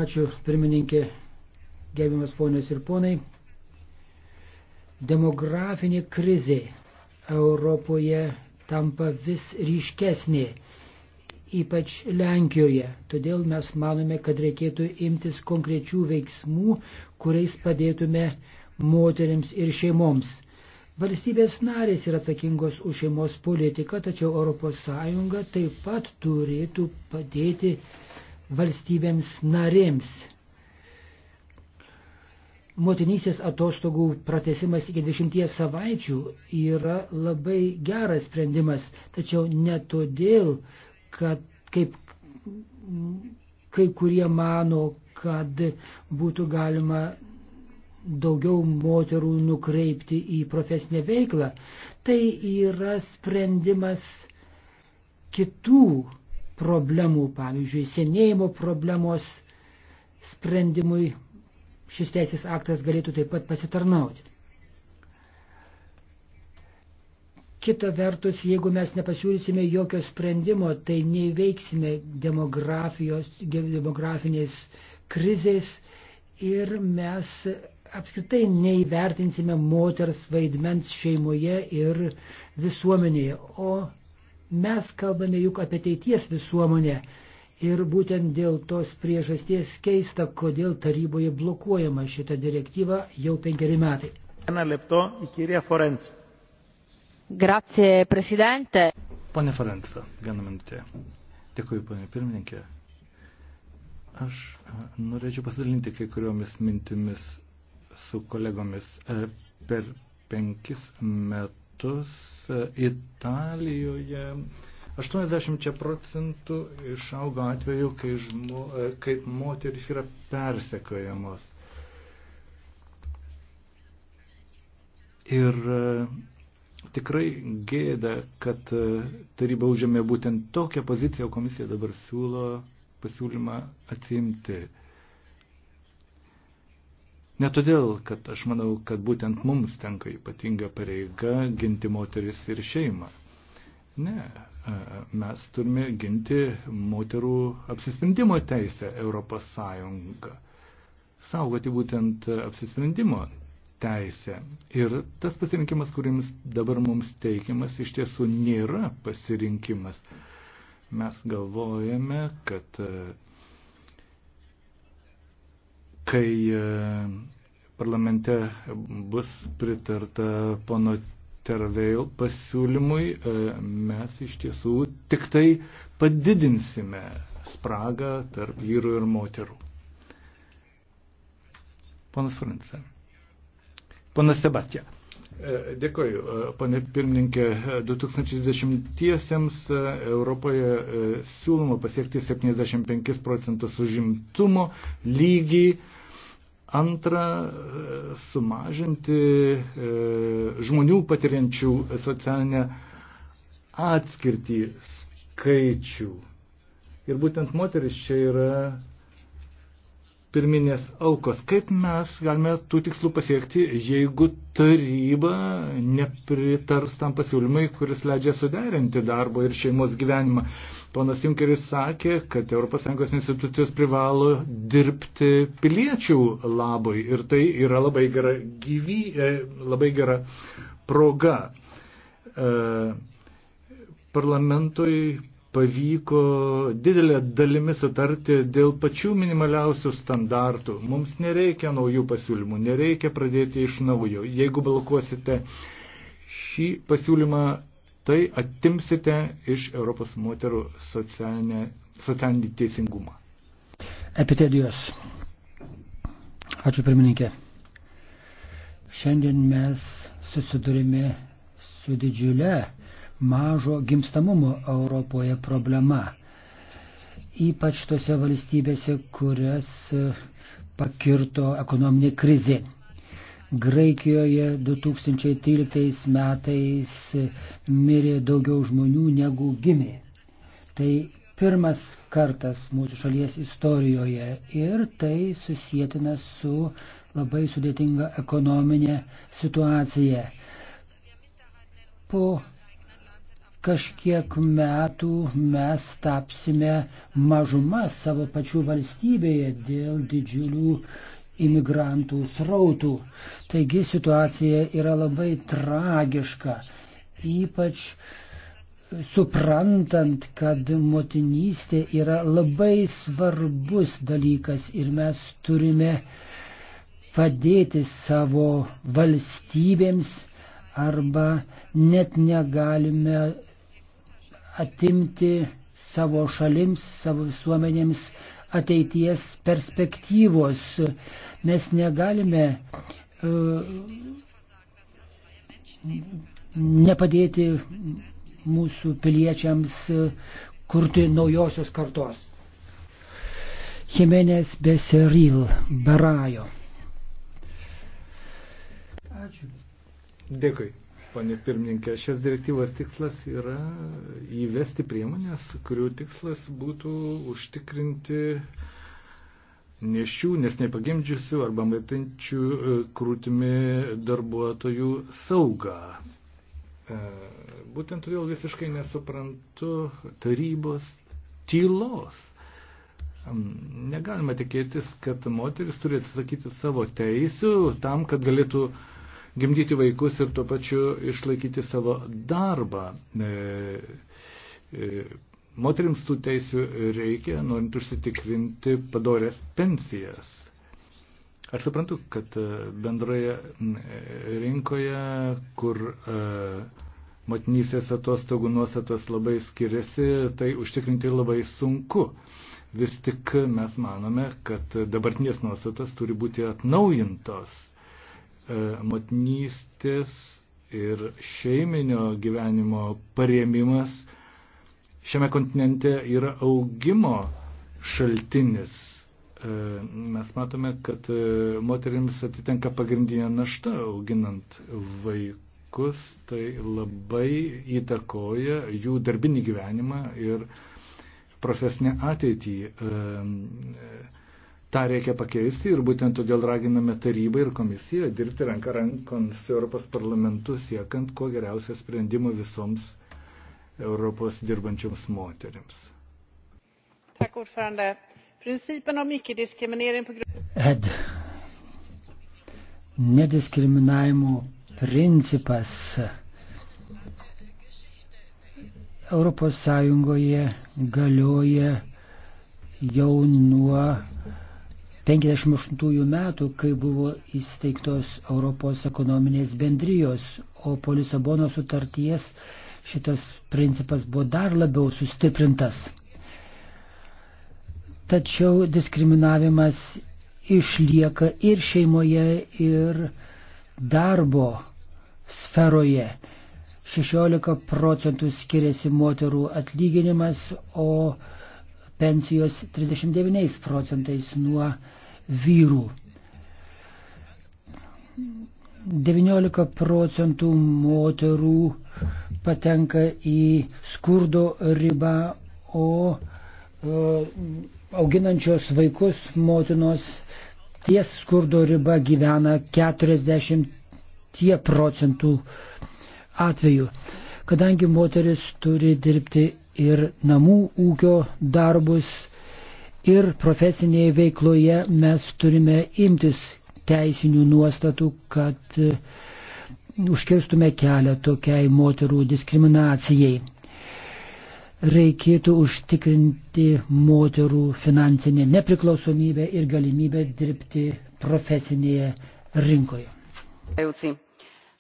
Ačiū, pirmininkė, gerbiamas ponios ir ponai. Demografinė krizė Europoje tampa vis ryškesnė ypač Lenkijoje. Todėl mes manome, kad reikėtų imtis konkrečių veiksmų, kuriais padėtume moteriams ir šeimoms. Valstybės narės yra atsakingos už šeimos politiką, tačiau ES taip pat turėtų padėti valstybėms narėms. Motinysės atostogų pratesimas iki 20 savaičių yra labai geras sprendimas, tačiau ne todėl, kad kaip kai kurie mano, kad būtų galima daugiau moterų nukreipti į profesinę veiklą. Tai yra sprendimas kitų problemų, pavyzdžiui, senėjimo problemos sprendimui šis teisės aktas galėtų taip pat pasitarnauti. Kita vertus, jeigu mes nepasiūlysime jokio sprendimo, tai neįveiksime demografinės krizės ir mes apskritai neįvertinsime moters vaidmens šeimoje ir visuomenėje. O mes kalbame juk apie ateities visuomenę. Ir būtent dėl tos priežasties keista, kodėl taryboje blokuojama šita direktyva jau penkeri metai. Vieną lepto į Kirę Forenciją. Grazie, prezidente. Pone Forenca, vieną minutę. Dėkuoju, ponė pirmininkė. Aš e, norėčiau pasidalinti kai kuriomis mintimis su kolegomis. E, per penkis metus e, Italijoje 80 procentų išaugo atveju, kai, žmo, kai moteris yra persekojamos. Ir Tikrai gėda, kad e, taryba užėmė būtent tokią poziciją, o komisija dabar siūlo pasiūlymą atsimti. Ne todėl, kad aš manau, kad būtent mums tenka ypatinga pareiga ginti moteris ir šeimą. Ne, e, mes turime ginti moterų apsisprendimo teisę Europos Sąjungą. Saugoti būtent apsisprendimo teisę. Ir tas pasirinkimas, kuriems dabar mums teikiamas, iš tiesų nėra pasirinkimas. Mes galvojame, kad e, kai e, parlamente bus pritarta pono Terveil pasiūlymui, e, mes iš tiesų tik tai padidinsime spragą tarp vyrų ir moterų. Ponas Fransen. Panas Sebastija. E, dėkoju, pane pirmininkė. 2020-iesiems e, e, Europoje siūloma pasiekti 75 procentus užimtumo lygį. Antra, sumažinti žmonių patiriančių socialinę atskirtį skaičių. Ir būtent moteris čia yra pirminės aukos. Kaip mes galime tų tikslų pasiekti, jeigu taryba nepritars tam pasiūlymai, kuris leidžia suderinti darbo ir šeimos gyvenimą? Ponas Junkeris sakė, kad ES institucijos privalo dirbti piliečių labui ir tai yra labai gera, gyvy, e, labai gera proga. E, parlamentui pavyko didelę dalimi sutarti dėl pačių minimaliausių standartų. Mums nereikia naujų pasiūlymų, nereikia pradėti iš naujo. Jeigu blokuosite šį pasiūlymą, tai atimsite iš Europos moterų socialinę, socialinį teisingumą. Epitedijos. Ačiū pirmininkė. Šiandien mes susidurime su didžiulė mažo gimstamumo Europoje problema. Ypač tose valstybėse, kurias e, pakirto ekonominė krizė. Graikijoje 2013 metais e, mirė daugiau žmonių negu gimė. Tai pirmas kartas mūsų šalies istorijoje ir tai susijėtina su labai sudėtinga ekonominė situacija. Po kažkiek metų mes tapsime mažuma savo pačių valstybėje dėl didžiulių imigrantų srautų. Taigi situacija yra labai tragiška, ypač suprantant, kad motinystė yra labai svarbus dalykas ir mes turime padėti savo valstybėms arba net negalime atimti savo šalims, savo visuomenėms ateities perspektyvos. Mes negalime uh, nepadėti mūsų piliečiams e, kurti naujosios kartos. Jimenez Beseril Barajo. Ačiū. Dėkui. Pane pirmininkė, šios direktyvos tikslas yra įvesti priemonės, kurių tikslas būtų užtikrinti nešių, nes nepagimdžiusių arba maitinčių e, krūtimi darbuotojų saugą. E, būtent todėl visiškai nesuprantu tarybos tylos. Negalima tikėtis, kad moteris turi atsisakyti savo teisių tam, kad galėtų uh, gimdyti vaikus ir tuo pačiu išlaikyti savo darbą. E, e, moterims tų teisių reikia, norint užsitikrinti padorės pensijas. Aš suprantu, kad e, bendroje rinkoje, kur motinysės atostogų nuostatos labai skiriasi, tai užtikrinti labai sunku. Vis tik mes manome, kad dabartinės nuostatos turi būti atnaujintos E, motinystės ir šeiminio gyvenimo paremimas šiame kontinente yra augimo šaltinis. E, mes matome, kad e, moteriams atitenka pagrindinė našta auginant vaikus, tai labai įtakoja jų darbinį gyvenimą ir profesinę ateitį. E, e, tą reikia pakeisti ir būtent todėl raginame tarybą ir komisiją dirbti ranką rankon su Europos parlamentu, siekant kuo geriausią sprendimą visoms Europos dirbančioms moteriams. Ed. Nediskriminavimo principas Europos Sąjungoje galioja jau nuo 58 metų, kai buvo įsteigtos Europos ekonominės bendrijos, o po Lisabono sutarties šitas principas buvo dar labiau sustiprintas. Tačiau diskriminavimas išlieka ir šeimoje, ir darbo sferoje. 16 procentų skiriasi moterų atlyginimas, o pensijos 39 procentais nuo vyrų. 19 procentų moterų patenka į skurdo ribą, o, o auginančios vaikus motinos ties skurdo riba gyvena 40 procentų atveju. Kadangi moteris turi dirbti ir namų ūkio darbus, ir profesinėje veikloje mes turime imtis teisinių nuostatų, kad e, užkirstume kelią tokiai moterų diskriminacijai. Reikėtų užtikrinti moterų finansinę nepriklausomybę ir galimybę dirbti profesinėje rinkoje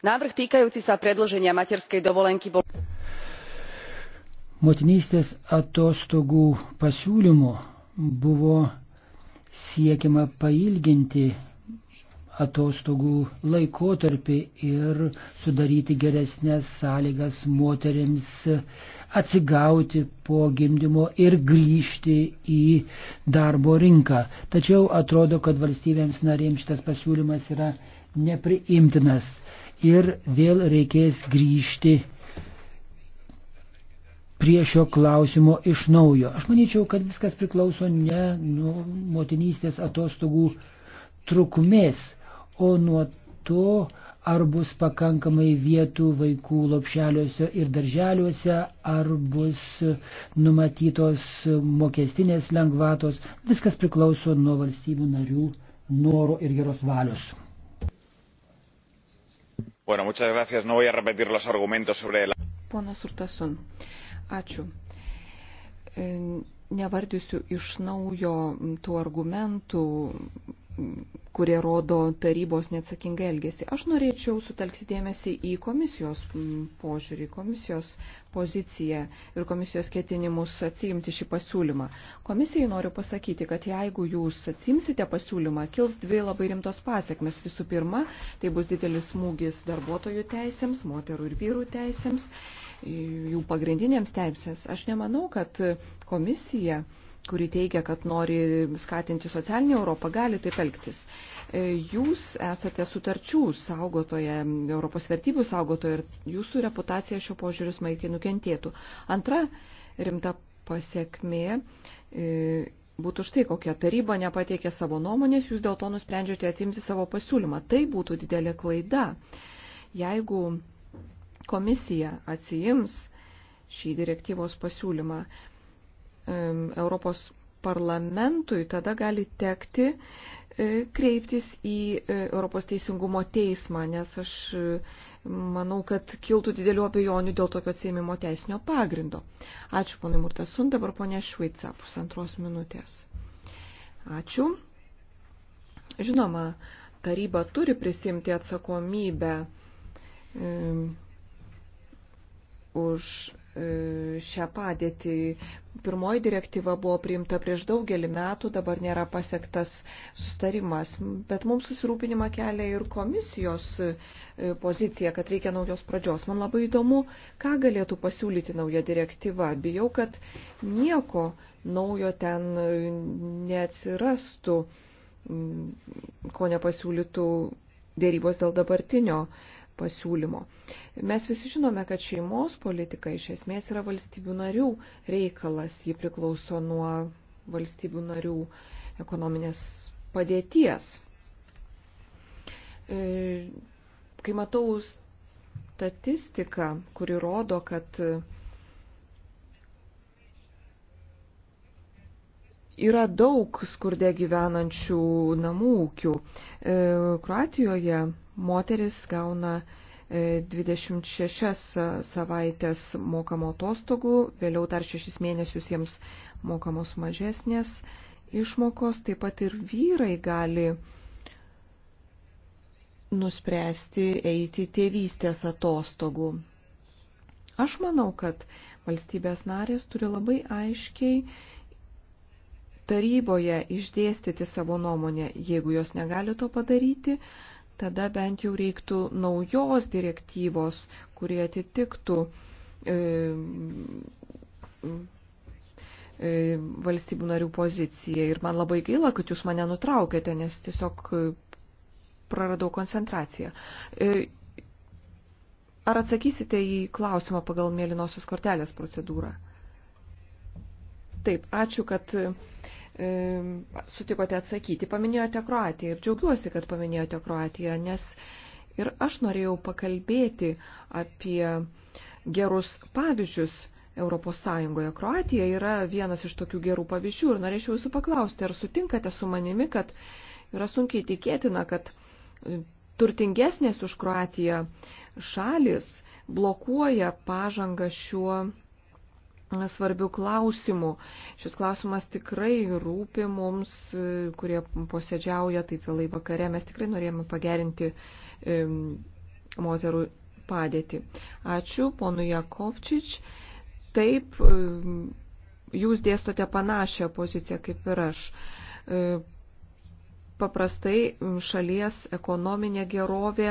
návrh týkajúci sa predĺženia materskej dovolenky bol. Motinystės atostogų pasiūlymų buvo siekiama pailginti atostogų laikotarpį ir sudaryti geresnės sąlygas moteriams atsigauti po gimdymo ir grįžti į darbo rinką. Tačiau atrodo, kad valstybėms narėms šitas pasiūlymas yra nepriimtinas ir vėl reikės grįžti prie šio klausimo iš naujo. Aš manyčiau, kad viskas priklauso ne nuo motinystės atostogų trukmės, o nuo to, ar bus pakankamai vietų vaikų lopšeliuose ir darželiuose, ar bus numatytos mokestinės lengvatos. Viskas priklauso nuo valstybių narių norų ir geros valios. Bueno, muchas gracias. No voy a repetir los argumentos sobre la. Ponas Urtasun. Uh, Ačiū. E, nevardysiu iš naujo tų argumentų, kurie rodo tarybos neatsakingai elgesi. Aš norėčiau sutelkti dėmesį į komisijos požiūrį, komisijos poziciją ir komisijos ketinimus atsiimti šį pasiūlymą. Komisijai noriu pasakyti, kad jeigu jūs atsimsite pasiūlymą, kils dvi labai rimtos pasiekmes. Visų pirma, tai bus didelis smūgis darbuotojų teisėms, moterų ir vyrų teisėms, jų pagrindinėms teisėms. Aš nemanau, kad komisija kuri teigia, kad nori skatinti socialinį Europą, gali taip elgtis. E, jūs esate sutarčių saugotoje, Europos vertybių saugotoje ir jūsų reputacija šio požiūriu smaikiai nukentėtų. Antra rimta pasiekmė e, būtų štai kokia taryba nepateikė savo nuomonės, jūs dėl to nusprendžiate atimti savo pasiūlymą. Tai būtų didelė klaida. Jeigu komisija atsijims šį direktyvos pasiūlymą, Europos parlamentui tada gali tekti e, kreiptis į e, Europos teisingumo teismą, nes aš e, manau, kad kiltų didelių abejonių dėl tokio atsėmimo teisinio pagrindo. Ačiū, ponai Murtasun, dabar ponė Šveica, pusantros minutės. Ačiū. Žinoma, taryba turi prisimti atsakomybę um, už E, šią padėtį. Pirmoji direktyva buvo priimta prieš daugelį metų, dabar nėra pasiektas sustarimas. Bet mums susirūpinimą kelia ir komisijos e, pozicija, kad reikia naujos pradžios. Man labai įdomu, ką galėtų pasiūlyti nauja direktyva. Bijau, kad nieko naujo ten e, neatsirastų, ko nepasiūlytų dėrybos dėl dabartinio pasiūlymo. Mes visi žinome, kad šeimos politika iš esmės yra valstybių narių reikalas, ji priklauso nuo valstybių narių ekonominės padėties. E, kai matau statistiką, kuri rodo, kad yra daug skurde gyvenančių namų ūkių. E, Kroatijoje moteris gauna 26 e, e, savaitės mokamo atostogų, vėliau dar 6 mėnesius jiems mokamos mažesnės išmokos, taip pat ir vyrai gali nuspręsti eiti tėvystės atostogų. Aš manau, kad valstybės narės turi labai aiškiai taryboje išdėstyti savo nuomonę. Jeigu jos negali to padaryti, tada bent jau reiktų naujos direktyvos, kurie atitiktų e, e, valstybių narių poziciją. Ir man labai gaila, kad jūs mane nutraukėte, nes tiesiog e, praradau koncentraciją. E, Ar atsakysite į klausimą pagal mėlynosios kortelės procedūrą? Taip, ačiū, kad E, sutikote atsakyti. Paminėjote Kroatiją ir džiaugiuosi, kad paminėjote Kroatiją, nes ir aš norėjau pakalbėti apie gerus pavyzdžius Europos Sąjungoje. Kroatija yra vienas iš tokių gerų pavyzdžių ir norėčiau jūsų paklausti, ar sutinkate su manimi, kad yra sunkiai tikėtina, kad turtingesnės už Kroatiją šalis blokuoja pažangą šiuo svarbių klausimų. Šis klausimas tikrai rūpi mums, e, kurie posėdžiauja taip vėlai vakare. Mes tikrai norėjome pagerinti e, moterų padėtį. Ačiū, ponu Jakovčič. Taip, e, jūs dėstote panašią poziciją kaip ir aš. Paprastai šalies ekonominė gerovė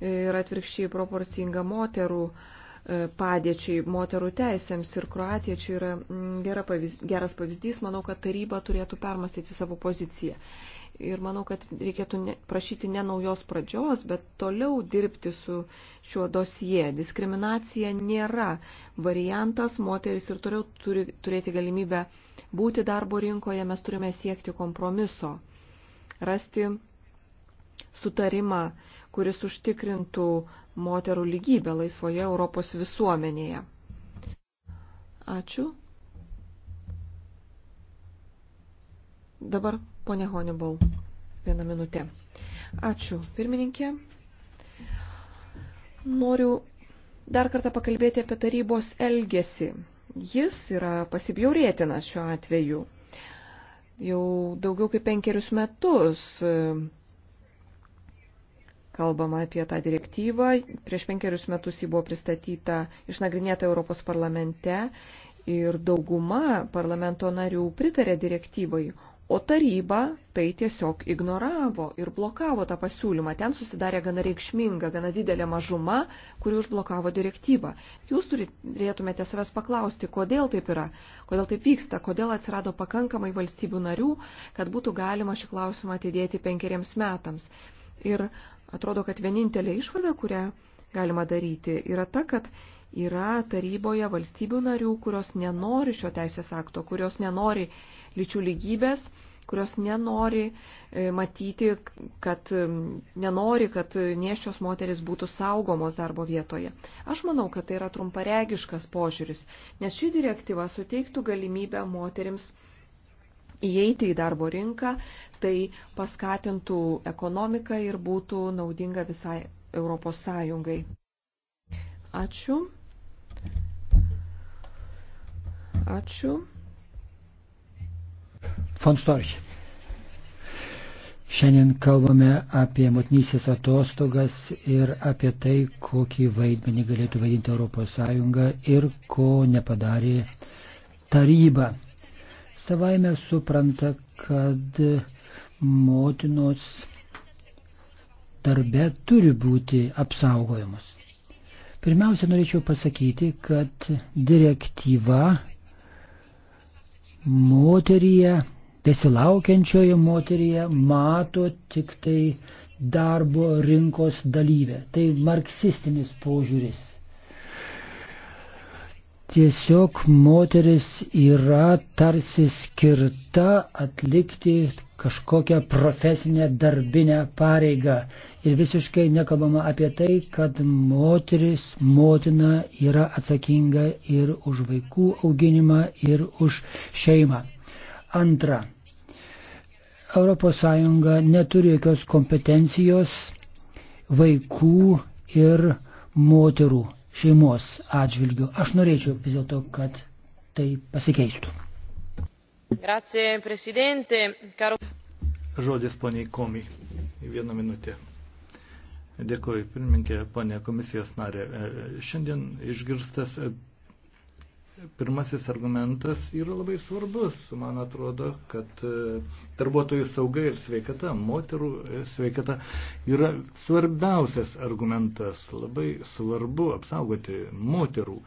yra atvirkščiai proporcinga moterų uh, E, padėčiai moterų teisėms ir Kroatija čia yra mm, gera pavyzdys, geras pavyzdys. Manau, kad taryba turėtų permastyti savo poziciją. Ir manau, kad reikėtų ne, prašyti ne naujos pradžios, bet toliau dirbti su šiuo dosie. Diskriminacija nėra variantas, moteris ir toliau turi turėti galimybę būti darbo rinkoje, mes turime siekti kompromiso, rasti sutarimą, kuris užtikrintų uh, moterų lygybę laisvoje Europos visuomenėje. Ačiū. Dabar ponė Honibol, vieną minutę. Ačiū, pirmininkė. Noriu dar kartą pakalbėti apie tarybos elgesį. Jis yra pasibjaurėtinas šiuo atveju. Jau daugiau kaip penkerius metus kalbama apie tą direktyvą. Prieš penkerius metus ji buvo pristatyta, išnagrinėta Europos parlamente ir dauguma parlamento narių pritarė direktyvai, o taryba tai tiesiog ignoravo ir blokavo tą pasiūlymą. Ten susidarė gana reikšminga, gana didelė mažuma, kuri užblokavo direktyvą. Jūs turėtumėte savęs paklausti, kodėl taip yra, kodėl taip vyksta, kodėl atsirado pakankamai valstybių narių, kad būtų galima šį klausimą atidėti penkeriems metams. Ir Atrodo, kad vienintelė išvada, kurią galima daryti, yra ta, kad yra taryboje valstybių narių, kurios nenori šio teisės akto, kurios nenori lyčių lygybės, kurios nenori e, matyti, kad e, nenori, kad nieščios moteris būtų saugomos darbo vietoje. Aš manau, kad tai yra trumparegiškas požiūris, nes ši direktyva suteiktų galimybę moterims įeiti į darbo rinką, tai paskatintų ekonomiką ir būtų naudinga visai Europos Sąjungai. Ačiū. Ačiū. Von Storch. Šiandien kalbame apie motinysės atostogas ir apie tai, kokį vaidmenį galėtų vaidinti ES ir ko nepadarė taryba. Savaime supranta, kad motinos darbe turi būti apsaugojamos. Pirmiausia, norėčiau pasakyti, kad direktyva moteryje, besilaukiančioje moteryje mato tik tai darbo rinkos dalyvę. Tai marksistinis požiūris. Tiesiog moteris yra tarsi skirta atlikti kažkokią profesinę darbinę pareigą. Ir visiškai nekalbama apie tai, kad moteris, motina yra atsakinga ir už vaikų auginimą, ir už šeimą. Antra, ES neturi jokios kompetencijos vaikų ir moterų šeimos atžvilgių. Aš norėčiau vis dėlto, kad tai pasikeistų. Grazie, prezidente. Karo... Žodis poniai Komi. Vieną minutę. Dėkuoju, pirmininkė, ponė komisijos narė. Šiandien išgirstas pirmasis argumentas yra labai svarbus. Man atrodo, kad e, darbuotojų sauga ir sveikata, moterų e, sveikata yra svarbiausias argumentas. Labai svarbu apsaugoti moterų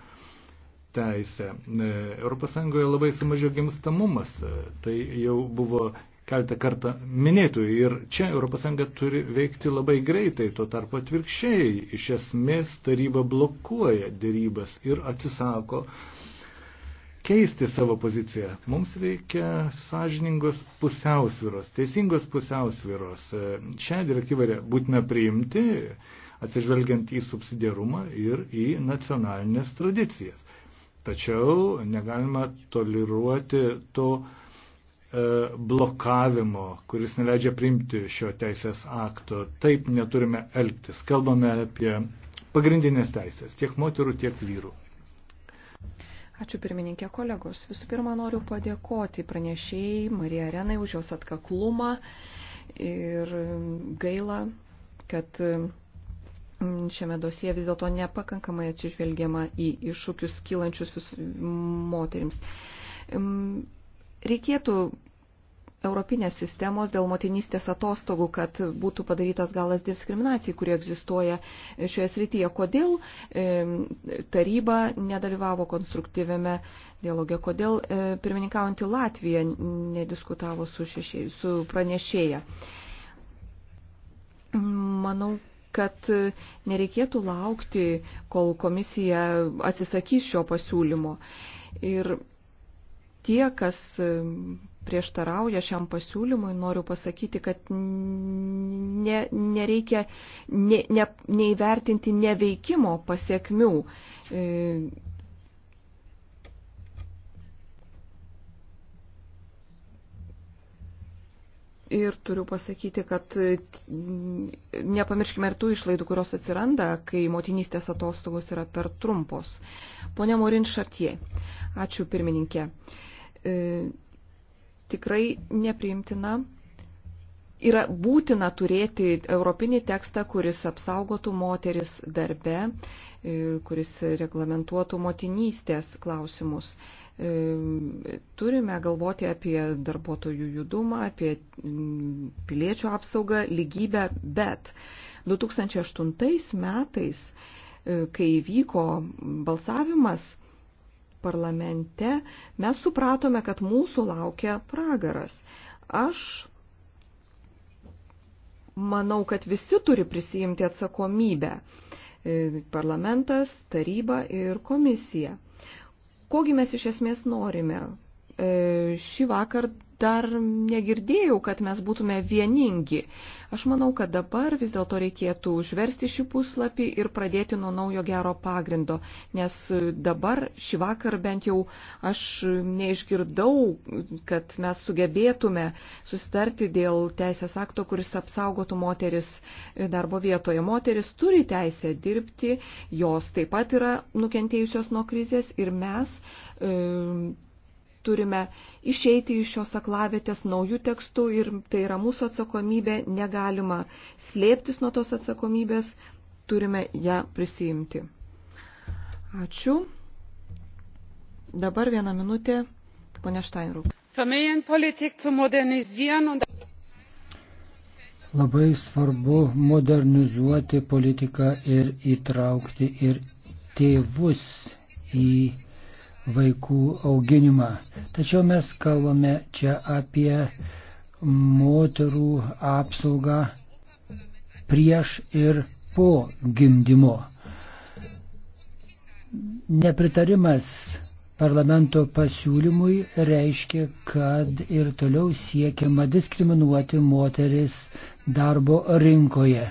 teisę. ES labai sumažėjo gimstamumas. E, tai jau buvo keltą kartą minėtų. Ir čia ES turi veikti labai greitai, tuo tarpu atvirkščiai. Iš esmės taryba blokuoja dėrybas ir atsisako uh, keisti savo poziciją. Mums reikia sąžiningos pusiausviros, teisingos pusiausviros. Šią direktyvą būtina priimti, atsižvelgiant į subsidiarumą ir į nacionalinės tradicijas. Tačiau negalima toleruoti to e, blokavimo, kuris neleidžia priimti šio teisės akto. Taip neturime elgtis. Kalbame apie pagrindinės teisės tiek moterų, tiek vyrų. Ačiū pirmininkė kolegos. Visų pirma, noriu padėkoti pranešėjai Marija Renai už jos atkaklumą ir gaila, kad mm, šiame dosie vis dėlto nepakankamai atsižvelgiama į iššūkius kylančius vis, moterims. Mm, reikėtų europinės sistemos dėl motinystės atostogų, kad būtų padarytas galas diskriminacijai, kurie egzistuoja šioje srityje. Kodėl e, taryba nedalyvavo konstruktyviame dialoge, kodėl e, pirmininkaujantį Latviją nediskutavo su, šešė, su pranešėja. Manau, kad nereikėtų laukti, kol komisija atsisakys šio pasiūlymo. Ir tie, kas prieštarauja šiam pasiūlymui, noriu pasakyti, kad ne, nereikia ne, ne, neįvertinti neveikimo pasiekmių. E, ir turiu pasakyti, kad nepamirškime ir tų išlaidų, kurios atsiranda, kai motinystės atostogos yra per trumpos. Pone Morin Šartie, ačiū pirmininkė. E, e, tikrai nepriimtina. Yra būtina turėti europinį tekstą, kuris apsaugotų moteris darbe, e, kuris reglamentuotų motinystės klausimus. E, turime galvoti apie darbuotojų judumą, apie piliečių apsaugą, lygybę, bet 2008 metais, e, kai vyko balsavimas, parlamente, mes supratome, kad mūsų laukia pragaras. Aš manau, kad visi turi prisijimti atsakomybę. E, parlamentas, taryba ir komisija. Kogi mes iš esmės norime? E, šį vakar dar negirdėjau, kad mes būtume vieningi. Aš manau, kad dabar vis dėlto reikėtų užversti šį puslapį ir pradėti nuo naujo gero pagrindo, nes dabar šį vakar bent jau aš neišgirdau, kad mes sugebėtume sustarti dėl teisės akto, kuris apsaugotų moteris darbo vietoje. Moteris turi teisę dirbti, jos taip pat yra nukentėjusios nuo krizės ir mes. E, turime išeiti iš šios aklavėtės naujų tekstų ir tai yra mūsų atsakomybė, negalima slėptis nuo tos atsakomybės, turime ją prisijimti. Ačiū. Dabar vieną minutę, ponia Štainrūk. Labai svarbu modernizuoti politiką ir įtraukti ir tėvus į vaikų auginimą. Tačiau mes kalbame čia apie moterų apsaugą prieš ir po gimdymo. Nepritarimas parlamento pasiūlymui reiškia, kad ir toliau siekiama diskriminuoti moteris darbo rinkoje.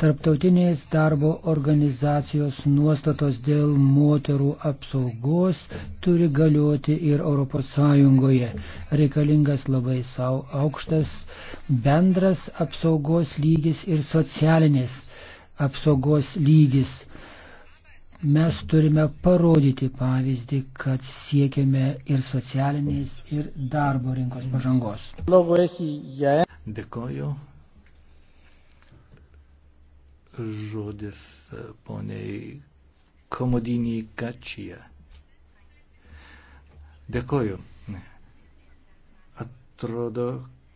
Tarptautinės darbo organizacijos nuostatos dėl moterų apsaugos turi galioti ir ES. Reikalingas labai savo aukštas bendras apsaugos lygis ir socialinės apsaugos lygis. Mes turime parodyti pavyzdį, kad siekiame ir socialinės, ir darbo rinkos pažangos. Dėkoju žodis e, poniai Komodinį Kačiją. Dėkoju. Atrodo,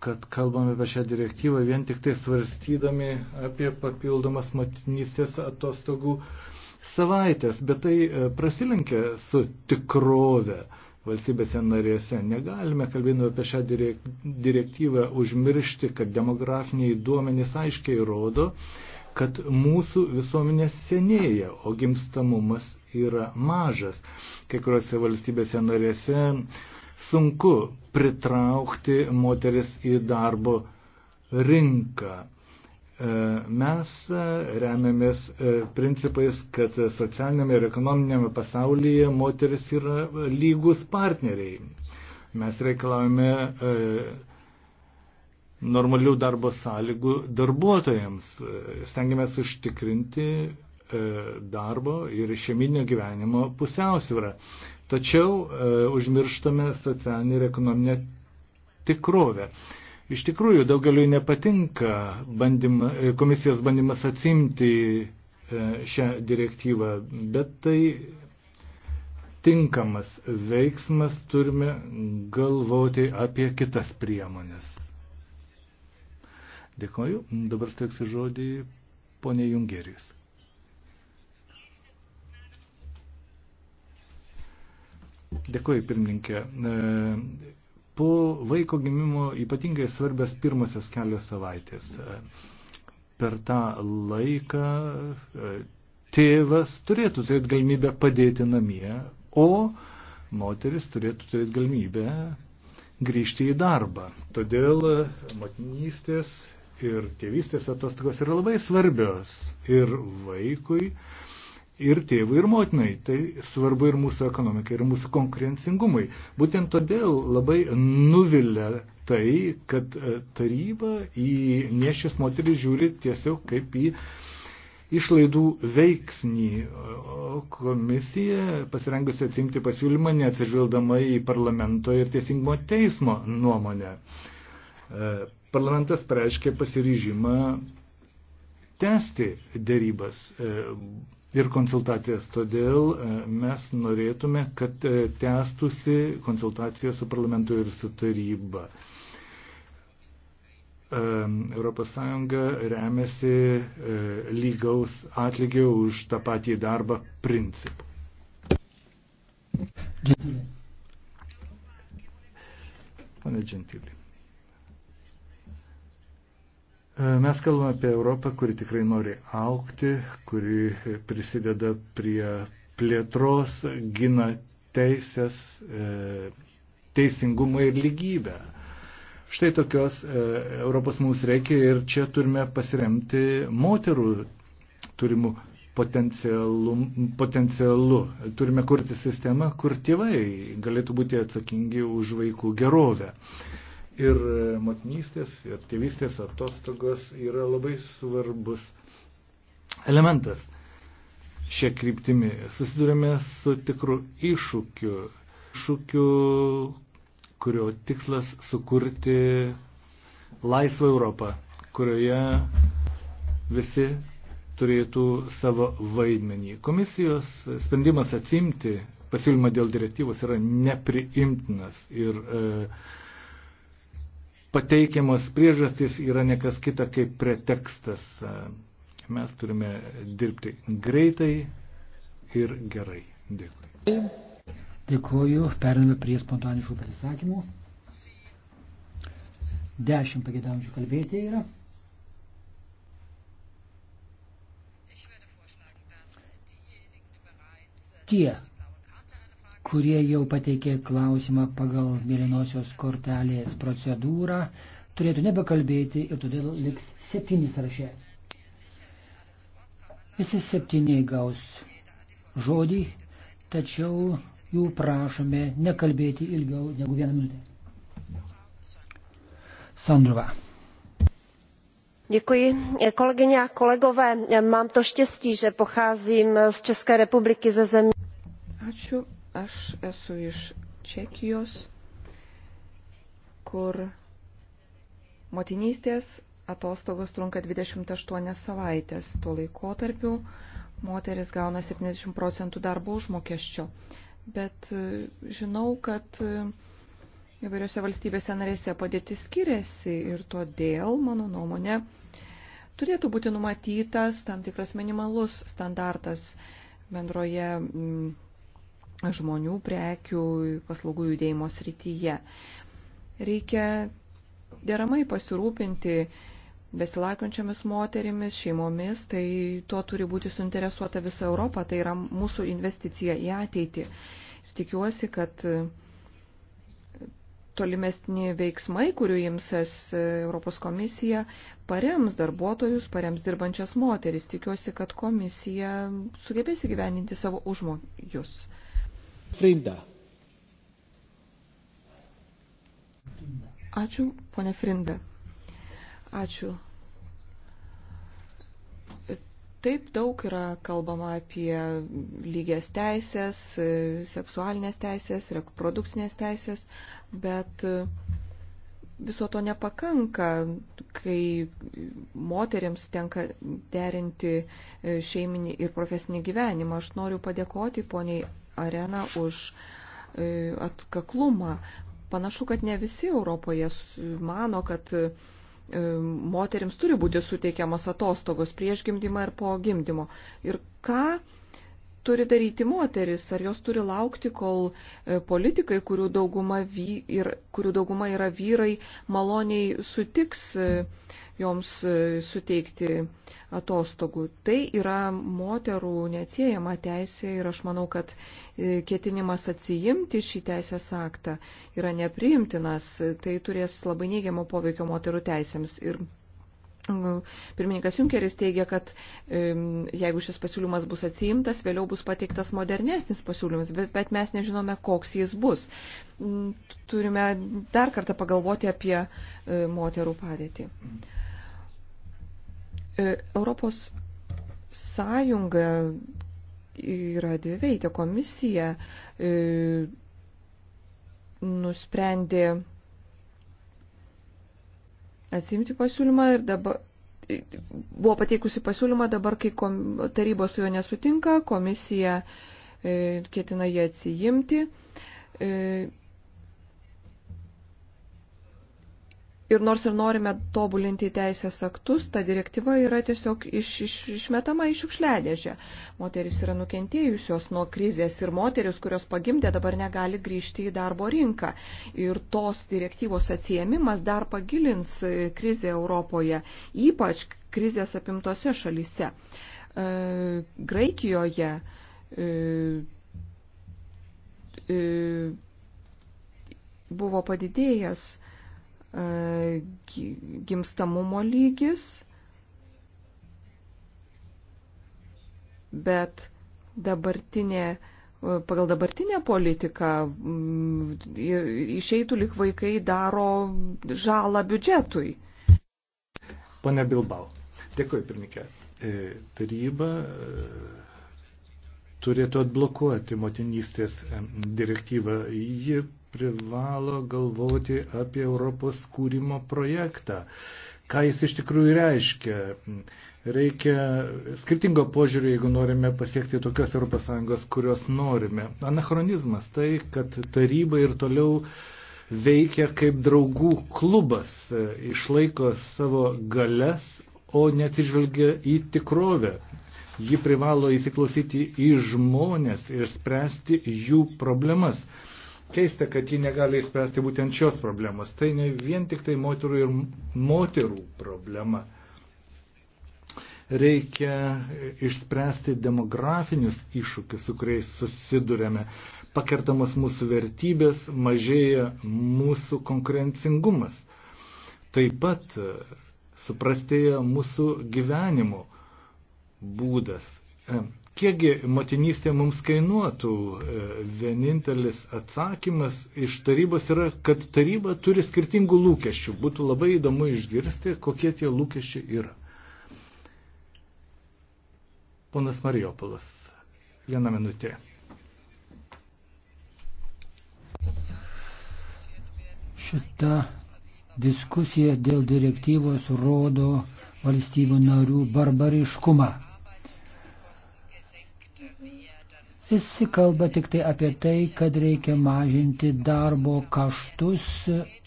kad kalbame apie šią direktyvą vien tik tai svarstydami apie papildomas motinystės atostogų savaitės, bet tai e, prasilinkia su tikrove valstybėse narėse. Negalime, kalbėdami apie šią direktyvą, užmiršti, kad demografiniai duomenys aiškiai rodo, kad mūsų visuomenė senėja, o gimstamumas yra mažas. Kai kuriuose valstybėse narėse sunku pritraukti moteris į darbo rinką. E, mes e, remiamės e, principais, kad socialinėme ir ekonominėme pasaulyje moteris yra lygus partneriai. Mes reikalavome normalių darbo sąlygų darbuotojams. Stengiamės užtikrinti e, darbo ir šeiminio gyvenimo pusiausvyrą. Tačiau e, užmirštame socialinį ir ekonominę tikrovę. Iš tikrųjų, daugeliu nepatinka bandym, komisijos bandymas atsimti e, šią direktyvą, bet tai tinkamas veiksmas, turime galvoti apie kitas priemonės. Dėkoju. Dabar steksiu žodį ponė Jungeris. Dėkoju, pirmininkė. E, po vaiko gimimo ypatingai svarbios pirmasis kelios savaitės. E, per tą laiką e, tėvas turėtų turėti galimybę padėti namie, o moteris turėtų turėti galimybę grįžti į darbą. Todėl motinystės ir tėvystės atostogos yra labai svarbios ir vaikui, ir tėvui, ir motinai. Tai svarbu ir mūsų ekonomikai, ir mūsų konkurencingumui. Būtent todėl labai nuvilia tai, kad e, taryba į nešis moterį žiūri tiesiog kaip į išlaidų veiksnį, o komisija pasirengusi atsimti pasiūlymą neatsižvelgdama į parlamento ir teisingumo teismo nuomonę. E, Parlamentas pareiškė pasiryžimą tęsti dėrybas e, ir konsultacijas. Todėl e, mes norėtume, kad e, tęstusi konsultacijos su parlamentu ir su taryba. ES remiasi lygaus atlygio už tą patį darbą principų. Pane Džentilį. E, mes kalbame apie Europą, kuri tikrai nori aukti, kuri prisideda prie plėtros, gina teisės, e, teisingumą ir lygybę. Štai tokios e, Europos mums reikia ir čia turime pasiremti moterų turimų potencialu, potencialu. Turime kurti sistemą, kur tėvai galėtų būti atsakingi už vaikų gerovę ir e, motinystės, ir tėvystės atostogos yra labai svarbus elementas. Šia kryptimi susidurime su tikru iššūkiu, iššūkiu, kurio tikslas sukurti laisvą Europą, kurioje visi turėtų savo vaidmenį. Komisijos sprendimas atsimti pasiūlymą dėl direktyvos yra nepriimtinas ir e, pateikiamos priežastys yra nekas kita kaip pretekstas. Mes turime dirbti greitai ir gerai. Dėkui. Dėkuoju. Periname prie spontaniškų pasisakymų. Dešimt pagėdaujančių kalbėti yra. Tie, kurie jau pateikė klausimą pagal mėlynosios kortelės procedūrą, turėtų nebekalbėti ir todėl liks septyni sąraše. Visi septyniai gaus žodį, tačiau jų prašome nekalbėti ilgiau negu vieną minutę. Sandrova. Děkuji. Kolegyně a kolegové, mám to štěstí, že pocházím z České republiky ze země. Ačiū Aš esu iš Čekijos, kur motinystės atostogos trunka 28 savaitės. Tuo laikotarpiu moteris gauna 70 procentų darbo užmokesčio. Bet e, žinau, kad e, įvairiose valstybėse narėse padėtis skiriasi ir todėl, mano nuomonė, turėtų būti numatytas tam tikras minimalus standartas bendroje žmonių, prekių, paslaugų judėjimo srityje. Reikia deramai pasirūpinti besilaikančiamis moterimis, šeimomis, tai tuo turi būti suinteresuota visa Europa, tai yra mūsų investicija į ateitį. Ir tikiuosi, kad tolimesni veiksmai, kurių imsis Europos komisija, parems darbuotojus, parems dirbančias moteris. Tikiuosi, kad komisija sugebės įgyveninti savo užmojus. Frinda. Ačiū, ponė Frinda. Ačiū. Taip daug yra kalbama apie lygias teisės, seksualinės teisės, reprodukcinės teisės, bet viso to nepakanka, kai moteriams tenka derinti šeiminį ir profesinį gyvenimą. Aš noriu padėkoti poniai areną už e, atkaklumą. Panašu, kad ne visi Europoje mano, kad e, moteriams turi būti suteikiamas atostogos prieš gimdymą ir po gimdymo. Ir ką turi daryti moteris? Ar jos turi laukti, kol e, politikai, kurių dauguma, vy, ir, kurių dauguma yra vyrai, maloniai sutiks e, joms e, suteikti atostogų? Tai yra moterų neatsiejama teisė ir aš manau, kad ketinimas atsijimti šį teisės aktą yra nepriimtinas. Tai turės labai neigiamo poveikio moterų teisėms. Ir Pirmininkas Junkeris teigia, kad jeigu šis pasiūlymas bus atsiimtas, vėliau bus pateiktas modernesnis pasiūlymas, bet mes nežinome, koks jis bus. Mm, turime dar kartą pagalvoti apie e, moterų padėtį. E, Europos sąjunga yra dviveitė komisija e, nusprendė atsimti pasiūlymą ir dabar buvo pateikusi pasiūlymą, dabar kai kom, taryba su juo nesutinka, komisija e, ketina jį atsijimti. E, Ir nors ir norime tobulinti teisės aktus, ta direktyva yra tiesiog iš, iš, išmetama iš šiukšliadėžę. Moteris yra nukentėjusios nuo krizės ir moteris, kurios pagimdė, dabar negali grįžti į darbo rinką. Ir tos direktyvos atsiemimas dar pagilins krizę Europoje, ypač krizės apimtose šalyse. E, Graikijoje e, e, buvo padidėjęs gimstamumo lygis, bet dabartinė, pagal dabartinę politiką mm, išeitų lik vaikai daro žalą biudžetui. Pane Bilbao, dėkui pirmininkė. E, taryba e, turėtų atblokuoti motinystės direktyvą. Ji privalo galvoti apie Europos kūrimo projektą. Ką jis iš tikrųjų reiškia? Reikia skirtingo požiūrio, jeigu norime pasiekti tokios ES, kurios norime. Anachronizmas tai, kad taryba ir toliau veikia kaip draugų klubas, išlaiko savo gales, o neatsižvelgia į tikrovę. Ji privalo įsiklausyti į žmonės ir spręsti jų problemas. Keista, kad ji negali išspręsti būtent šios problemos. Tai ne vien tik tai moterų ir moterų problema. Reikia išspręsti demografinius iššūkius, su kuriais susidurėme. Pakertamas mūsų vertybės, mažėja mūsų konkurencingumas. Taip pat e, suprastėja mūsų gyvenimo būdas e, Kiekgi motinystė mums kainuotų? E, vienintelis atsakymas iš tarybos yra, kad taryba turi skirtingų lūkesčių. Būtų labai įdomu išgirsti, kokie tie lūkesčiai yra. Ponas Marijopolas, vieną minutę. Šita diskusija dėl direktyvos rodo valstybių narių barbariškumą. Visi kalba tik tai apie tai, kad reikia mažinti darbo kaštus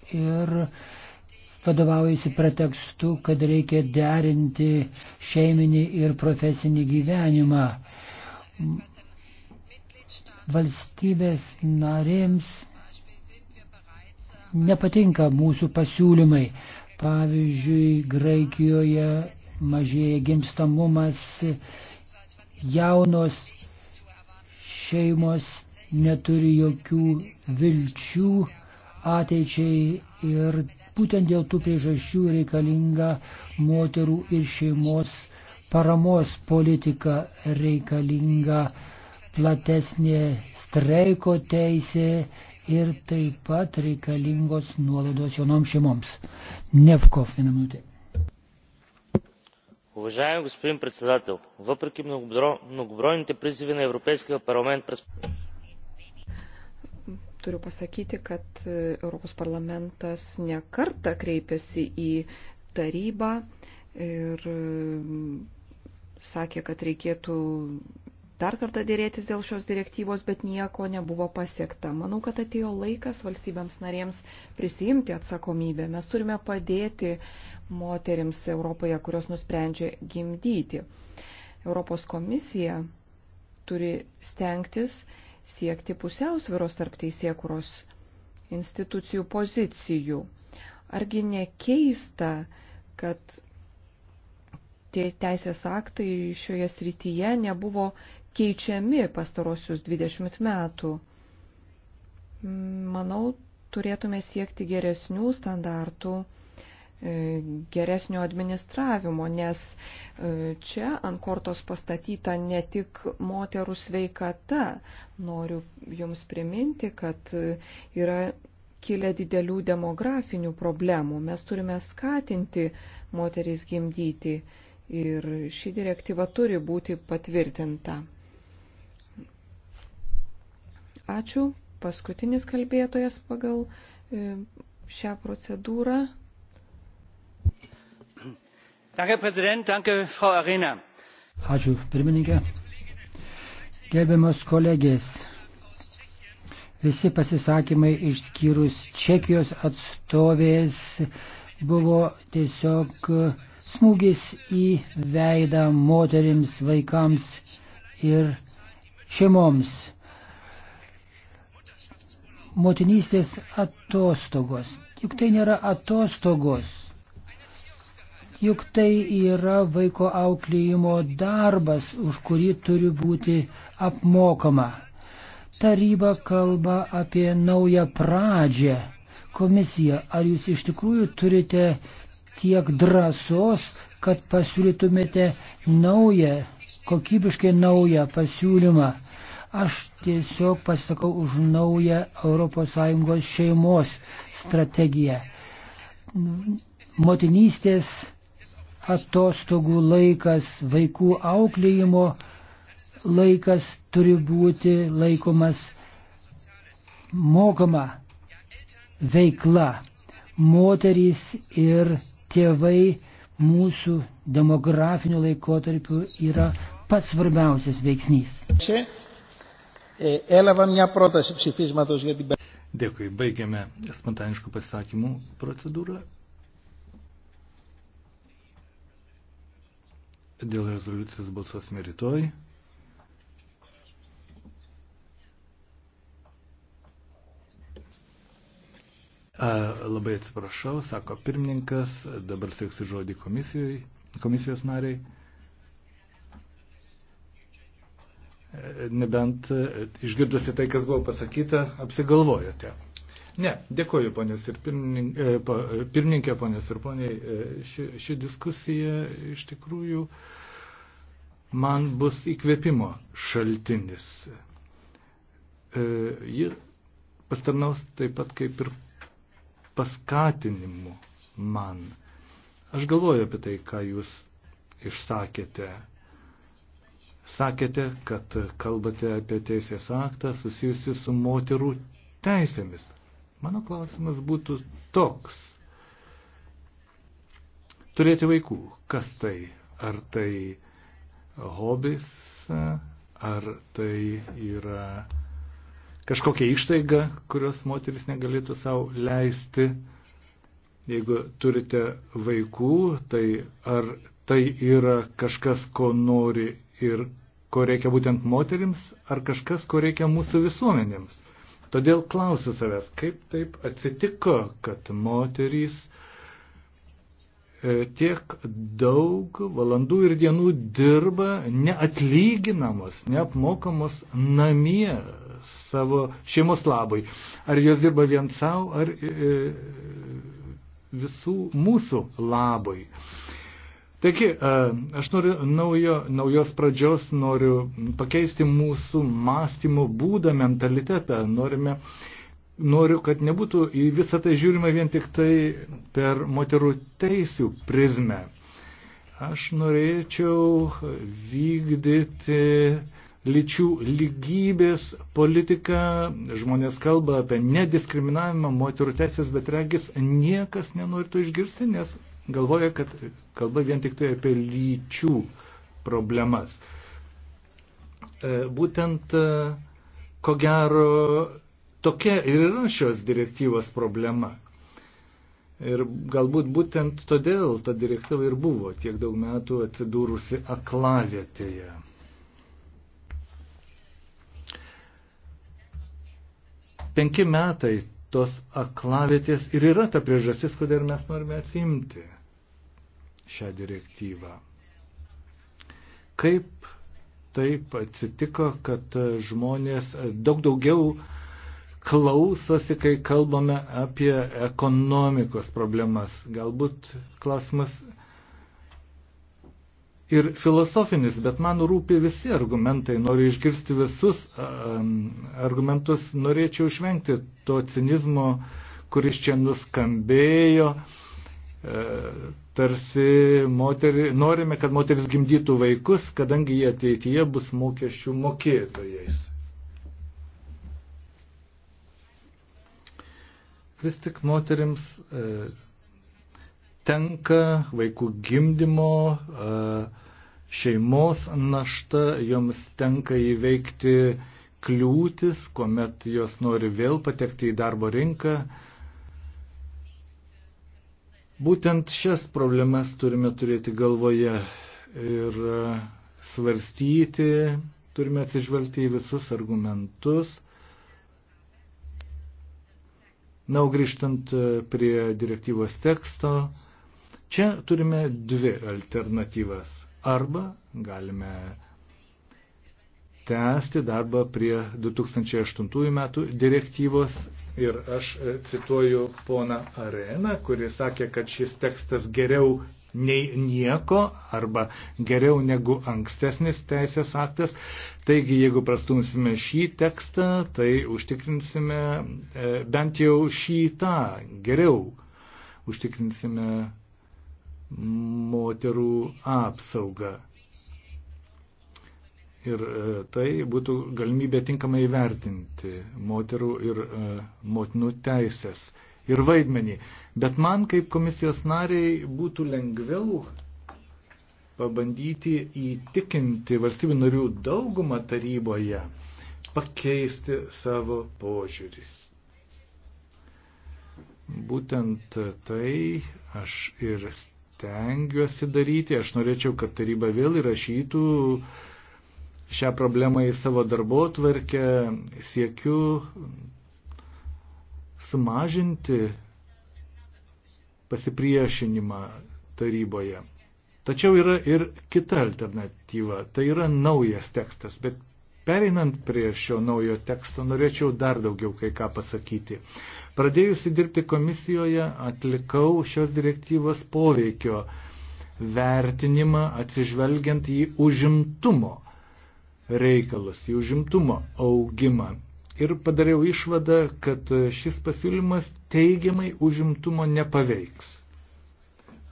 ir vadovaujasi pretekstu, kad reikia derinti šeiminį ir profesinį gyvenimą. Valstybės narėms nepatinka mūsų pasiūlymai. Pavyzdžiui, Graikijoje mažėja gimstamumas, jaunos šeimos neturi jokių vilčių ateičiai ir būtent dėl tų priežasčių reikalinga moterų ir šeimos paramos politika, reikalinga platesnė streiko teisė ir taip pat reikalingos nuolaidos jaunoms šeimoms. Nefkov vieną minutę уважаеми господин председател въпреки многобройните призиви на европейския парламент през Turiu pasakyti, kad Europos parlamentas nekarta kreipėsi į tarybą ir e, sakė, kad reikėtų dar kartą dėrėtis dėl šios direktyvos, bet nieko nebuvo pasiekta. Manau, kad atėjo laikas valstybėms narėms prisijimti atsakomybę. Mes turime padėti moterims Europoje, kurios nusprendžia gimdyti. Europos komisija turi stengtis siekti pusiausviros tarp teisėkuros institucijų pozicijų. Argi nekeista, kad teisės aktai šioje srityje nebuvo keičiami pastarosius 20 metų? Manau, turėtume siekti geresnių standartų E, geresnio administravimo, nes e, čia ant kortos pastatyta ne tik moterų sveikata. Noriu Jums priminti, kad e, yra kilę didelių demografinių problemų. Mes turime skatinti moteris gimdyti ir ši direktyva turi būti patvirtinta. Ačiū. Paskutinis kalbėtojas pagal šią procedūrą herr präsident danke frau arena! ačiū pirmininke. gerbiamas kolegės visi pasisakymai išskyrus čekijos atstovės buvo tiesiog smūgis į veidą moterims vaikams ir šeimoms motinystės atostogos juk tai nėra atostogos Juk tai yra vaiko auklėjimo darbas, už kurį turi būti apmokama. Taryba kalba apie naują pradžią. Komisija, ar jūs iš tikrųjų turite tiek drąsos, kad pasiūlytumėte naują, kokybiškai naują pasiūlymą? Aš tiesiog pasisakau už naują ES šeimos strategiją. Motinystės atostogų laikas, vaikų auklėjimo laikas turi būti laikomas mokama veikla. Moterys ir tėvai mūsų demografiniu laikotarpiu yra pats svarbiausias veiksnys. Dėkui, baigiame spontaniškų pasisakymų procedūrą. Dėl rezoliucijos balsuosime rytoj. A, labai atsiprašau, sako pirmininkas, dabar steiksiu žodį komisijos nariai. E, nebent e, išgirdusi tai, kas buvo pasakyta, apsigalvojote. Ne, dėkoju, ponės ir pirmininkė, e, e, ponės ir poniai. E, ši, ši diskusija iš tikrųjų man bus įkvėpimo šaltinis. Ji pastarnaus taip pat kaip ir paskatinimu man. Aš galvoju apie tai, ką jūs išsakėte. Sakėte, kad kalbate apie teisės aktą susijusi su moterų teisėmis. Mano klausimas būtų toks. Turėti vaikų, kas tai? Ar tai hobis, ar tai yra kažkokia ištaiga, kurios moteris negalėtų savo leisti. Jeigu turite vaikų, tai ar tai yra kažkas, ko nori ir ko reikia būtent moterims, ar kažkas, ko reikia mūsų visuomenėms. Todėl klausiu savęs, kaip taip atsitiko, kad moterys e, tiek daug valandų ir dienų dirba neatlyginamos, neapmokamos namie savo šeimos labai. Ar jos dirba vien savo, ar e, e, visų mūsų labai. E, Taigi, e, aš noriu naujo, naujos pradžios, noriu pakeisti mūsų mąstymo būdą, mentalitetą. Norime, noriu, kad nebūtų į visą tai žiūrima vien tik tai per moterų teisių prizmę. Aš norėčiau vykdyti lyčių lygybės politiką. Žmonės kalba apie nediskriminavimą, moterų teisės, bet regis niekas nenorėtų išgirsti, nes galvoja, kad kalba vien tik tai apie lyčių problemas. E, būtent, e, ko gero, tokia ir yra šios direktyvos problema. Ir galbūt būtent todėl ta direktyva ir buvo tiek daug metų atsidūrusi aklavietėje. Penki metai tos aklavietės ir yra ta priežastis, kodėl mes norime atsimti šią direktyvą. Kaip taip atsitiko, kad žmonės daug daugiau klausosi, kai kalbame apie ekonomikos problemas. Galbūt klausimas ir filosofinis, bet man rūpi visi argumentai, noriu išgirsti visus argumentus, norėčiau išvengti to cinizmo, kuris čia nuskambėjo. E, tarsi moteri, norime, kad moteris gimdytų vaikus, kadangi jie ateityje bus mokesčių mokėtojais. Vis tik moterims e, tenka vaikų gimdymo, e, šeimos našta, joms tenka įveikti kliūtis, kuomet jos nori vėl patekti į darbo rinką, e, Būtent šias problemas turime turėti galvoje ir e, svarstyti, turime atsižvelgti į visus argumentus. Na, o grįžtant e, prie direktyvos teksto, čia turime dvi alternatyvas. Arba galime tęsti darbą prie 2008 metų direktyvos Ir aš e, cituoju poną Areną, kuris sakė, kad šis tekstas geriau nei nieko arba geriau negu ankstesnis teisės aktas. Taigi, jeigu prastumsime šį tekstą, tai užtikrinsime e, bent jau šį tą geriau. Užtikrinsime moterų apsaugą ir e, tai būtų galimybė tinkamai įvertinti moterų ir e, motinų teisės ir vaidmenį. Bet man kaip komisijos nariai būtų lengviau pabandyti įtikinti valstybių narių daugumą taryboje pakeisti savo požiūrį. Būtent tai aš ir stengiuosi daryti. Aš norėčiau, kad taryba vėl įrašytų uh, šią problemą į savo darbo tvarkę, siekiu sumažinti pasipriešinimą taryboje. Tačiau yra ir kita alternatyva. Tai yra naujas tekstas, bet Pereinant prie šio naujo teksto, norėčiau dar daugiau kai ką pasakyti. Pradėjusi dirbti komisijoje, atlikau šios direktyvos poveikio vertinimą atsižvelgiant į užimtumo reikalus, į užimtumo augimą. Ir padariau išvadą, kad šis pasiūlymas teigiamai užimtumo nepaveiks.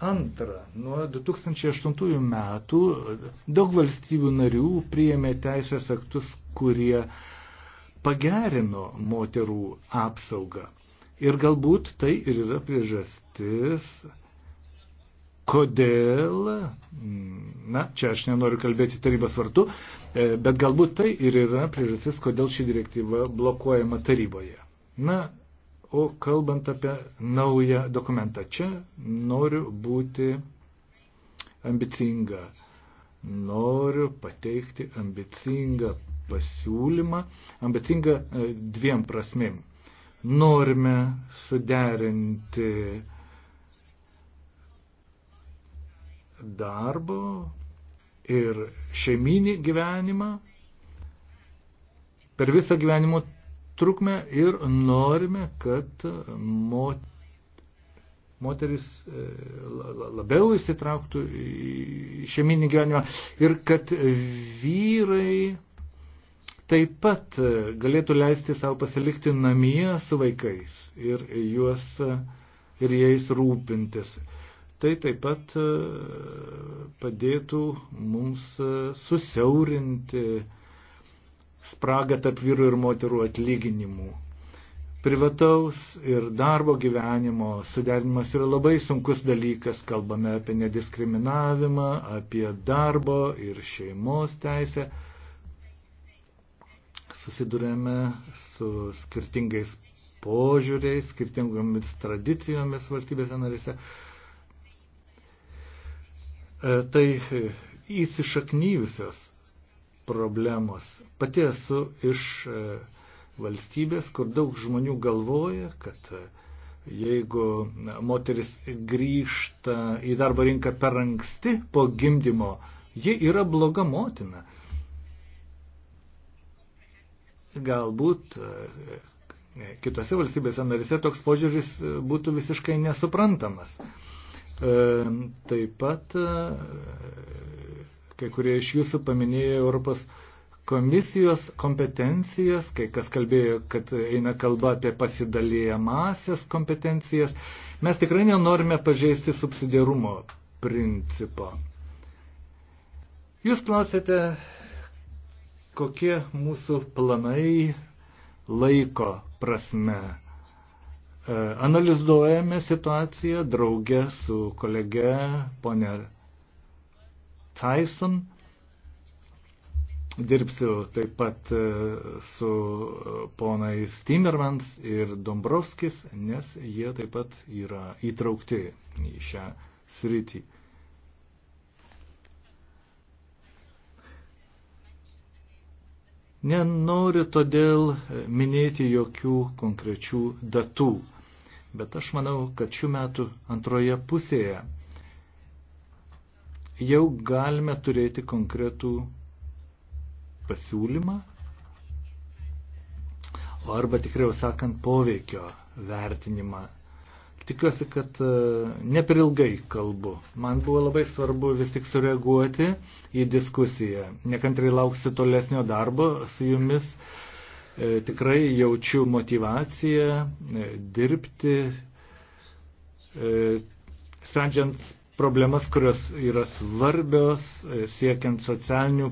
Antra, nuo 2008 metų daug valstybių narių priėmė teisės aktus, kurie pagerino moterų apsaugą. Ir galbūt tai ir yra priežastis, Kodėl, na, čia aš nenoriu kalbėti tarybos vartu, e, bet galbūt tai ir yra priežastis, kodėl ši direktyva blokuojama taryboje. Na, o kalbant apie naują dokumentą, čia noriu būti ambicinga. Noriu pateikti ambicingą pasiūlymą, ambicingą e, dviem prasmėm. Norime suderinti darbu ir šeiminį gyvenimą per visą gyvenimo trukmę ir norime, kad mot, moteris e, labiau įsitrauktų į šeiminį gyvenimą ir kad vyrai taip pat galėtų leisti savo pasilikti namie su vaikais ir juos ir jais rūpintis. Tai taip pat e, padėtų mums e, susiaurinti spragą tarp vyrų ir moterų atlyginimų. Privataus ir darbo gyvenimo suderinimas yra labai sunkus dalykas. Kalbame apie nediskriminavimą, apie darbo ir šeimos teisę. Susidurėme su skirtingais požiūriais, skirtingomis tradicijomis valstybėse narėse. E, tai įsišaknyjusios problemos. Pati esu iš e, valstybės, kur daug žmonių galvoja, kad e, jeigu moteris grįžta į darbo rinką per anksti po gimdymo, ji yra bloga motina. Galbūt kitose valstybėse narise toks požiūris būtų visiškai nesuprantamas. E, taip pat e, kai kurie iš jūsų paminėjo Europos komisijos kompetencijas, kai kas kalbėjo, kad eina kalba apie pasidalėjamasias kompetencijas. Mes tikrai nenorime pažeisti subsidiarumo principo. Jūs klausėte, kokie mūsų planai laiko prasme. E, analizuojame situaciją draugę su kolege ponė Tyson. Dirbsiu taip pat e, su ponais Timmermans ir Dombrovskis, nes jie taip pat yra įtraukti į šią sritį. Nenoriu todėl minėti jokių konkrečių datų bet aš manau, kad šių metų antroje pusėje jau galime turėti konkretų pasiūlymą arba tikriau sakant poveikio vertinimą. Tikiuosi, kad e, ne per ilgai kalbu. Man buvo labai svarbu vis tik sureaguoti į diskusiją. Nekantrai lauksiu tolesnio darbo su jumis. Uh, E, tikrai jaučiu motivaciją e, dirbti, e, sprendžiant problemas, kurios yra svarbios, siekiant socialinių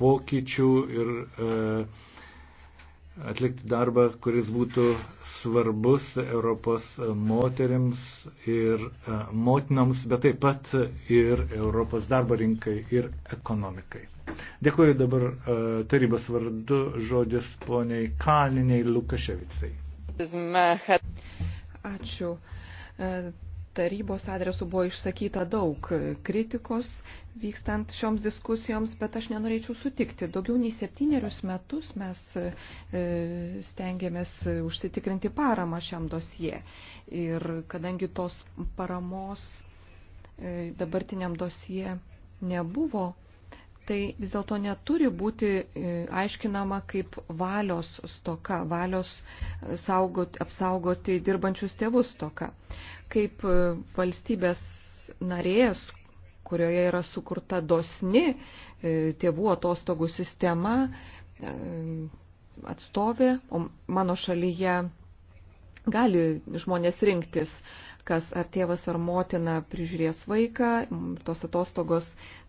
pokyčių ir e, atlikti darbą, kuris būtų svarbus Europos moteriams ir e, motinoms, bet taip pat ir Europos darbo rinkai ir ekonomikai. Dėkuoju dabar e, tarybos vardu žodis poniai Kaliniai Lukaševicai. Ačiū e, tarybos adresu buvo išsakyta daug kritikos vykstant šioms diskusijoms, bet aš nenorėčiau sutikti. Daugiau nei septynerius metus mes e, stengiamės užsitikrinti paramą šiam dosie. Ir kadangi tos paramos e, dabartiniam dosie nebuvo tai vis dėlto neturi būti e, aiškinama kaip valios stoka, valios e, saugoti, apsaugoti dirbančius tėvus stoka. Kaip e, valstybės narės, kurioje yra sukurta dosni tėvų atostogų sistema, atstovė, o mano šalyje gali žmonės rinktis, kas ar tėvas ar motina prižiūrės vaiką, tos atostogos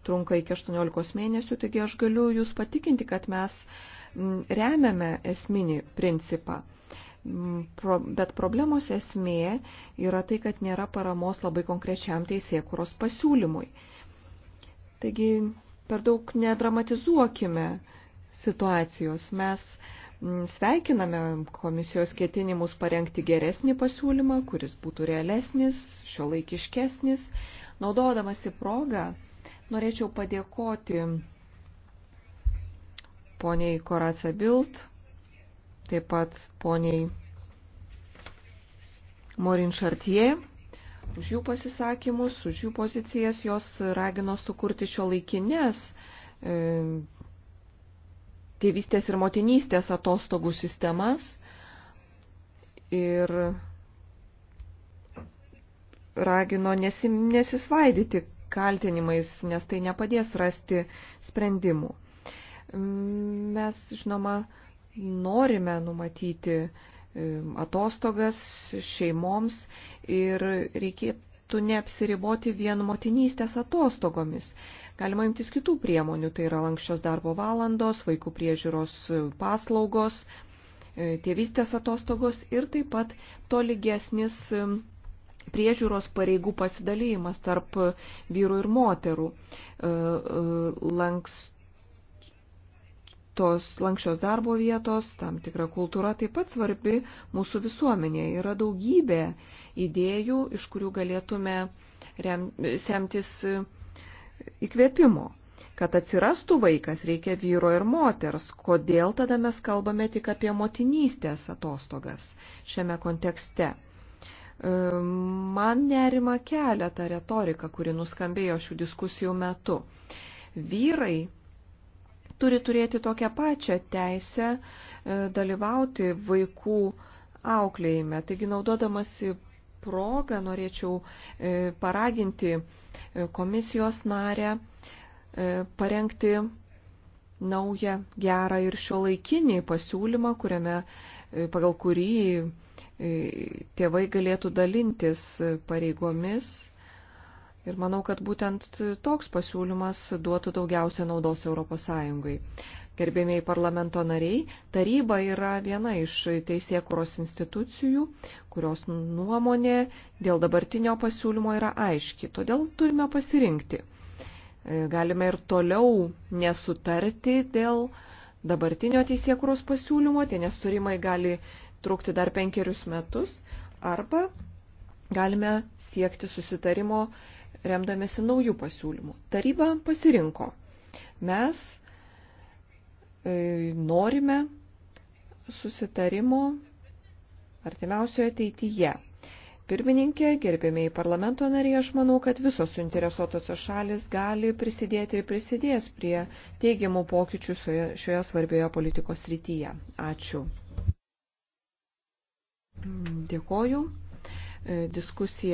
trunka iki 18 mėnesių, taigi aš galiu jūs patikinti, kad mes remiame esminį principą. Pro, bet problemos esmė yra tai, kad nėra paramos labai konkrečiam teisėkuros pasiūlymui. Taigi per daug nedramatizuokime situacijos. Mes uh, Mm, sveikiname komisijos ketinimus parengti geresnį pasiūlymą, kuris būtų realesnis, šio laikiškesnis. Naudodamasi progą, norėčiau padėkoti poniai Koraca Bild, taip pat poniai Morin Chartier už jų pasisakymus, už jų pozicijas, jos ragino sukurti šio laikinės e, tėvystės ir motinystės atostogų sistemas ir ragino nesi, nesisvaidyti kaltinimais, nes tai nepadės rasti sprendimų. Mes, žinoma, norime numatyti atostogas šeimoms ir reikėtų neapsiriboti vien motinystės atostogomis. Galima imtis kitų priemonių, tai yra lankščios darbo valandos, vaikų priežiūros e, paslaugos, e, tėvystės atostogos ir taip pat tolygesnis e, priežiūros pareigų pasidalymas tarp vyrų ir moterų. Lankst tos lankščios darbo vietos, tam tikra kultūra taip pat svarbi mūsų visuomenėje. Yra daugybė idėjų, iš kurių galėtume rem, semtis įkvėpimo. Kad atsirastų vaikas, reikia vyro ir moters. Kodėl tada mes kalbame tik apie motinystės atostogas šiame kontekste? E, man nerima kelia ta retorika, kuri nuskambėjo šių diskusijų metu. Vyrai turi turėti tokią pačią teisę e, dalyvauti vaikų auklėjime. Taigi, naudodamasi progą norėčiau e, paraginti e, komisijos narę e, parengti naują, gerą ir šiuolaikinį pasiūlymą, kuriame, pagal kurį tėvai galėtų dalintis pareigomis. Ir manau, kad būtent toks pasiūlymas duotų daugiausia naudos ES. Gerbėmiai parlamento nariai, taryba yra viena iš teisėkuros institucijų, kurios nuomonė dėl dabartinio pasiūlymo yra aiški. Todėl turime pasirinkti. E, galime ir toliau nesutarti dėl dabartinio teisėkuros pasiūlymo, tie nesurimai gali trukti dar penkerius metus, arba galime siekti susitarimo remdamėsi naujų pasiūlymų. Taryba pasirinko. Mes E, norime susitarimo artimiausioje ateityje. Pirmininkė, gerbėmiai parlamento nariai, aš manau, kad visos suinteresuotosios šalis gali prisidėti ir prisidės prie teigiamų pokyčių šioje, šioje svarbioje politikos rytyje. Ačiū. Dėkoju. E, diskusija.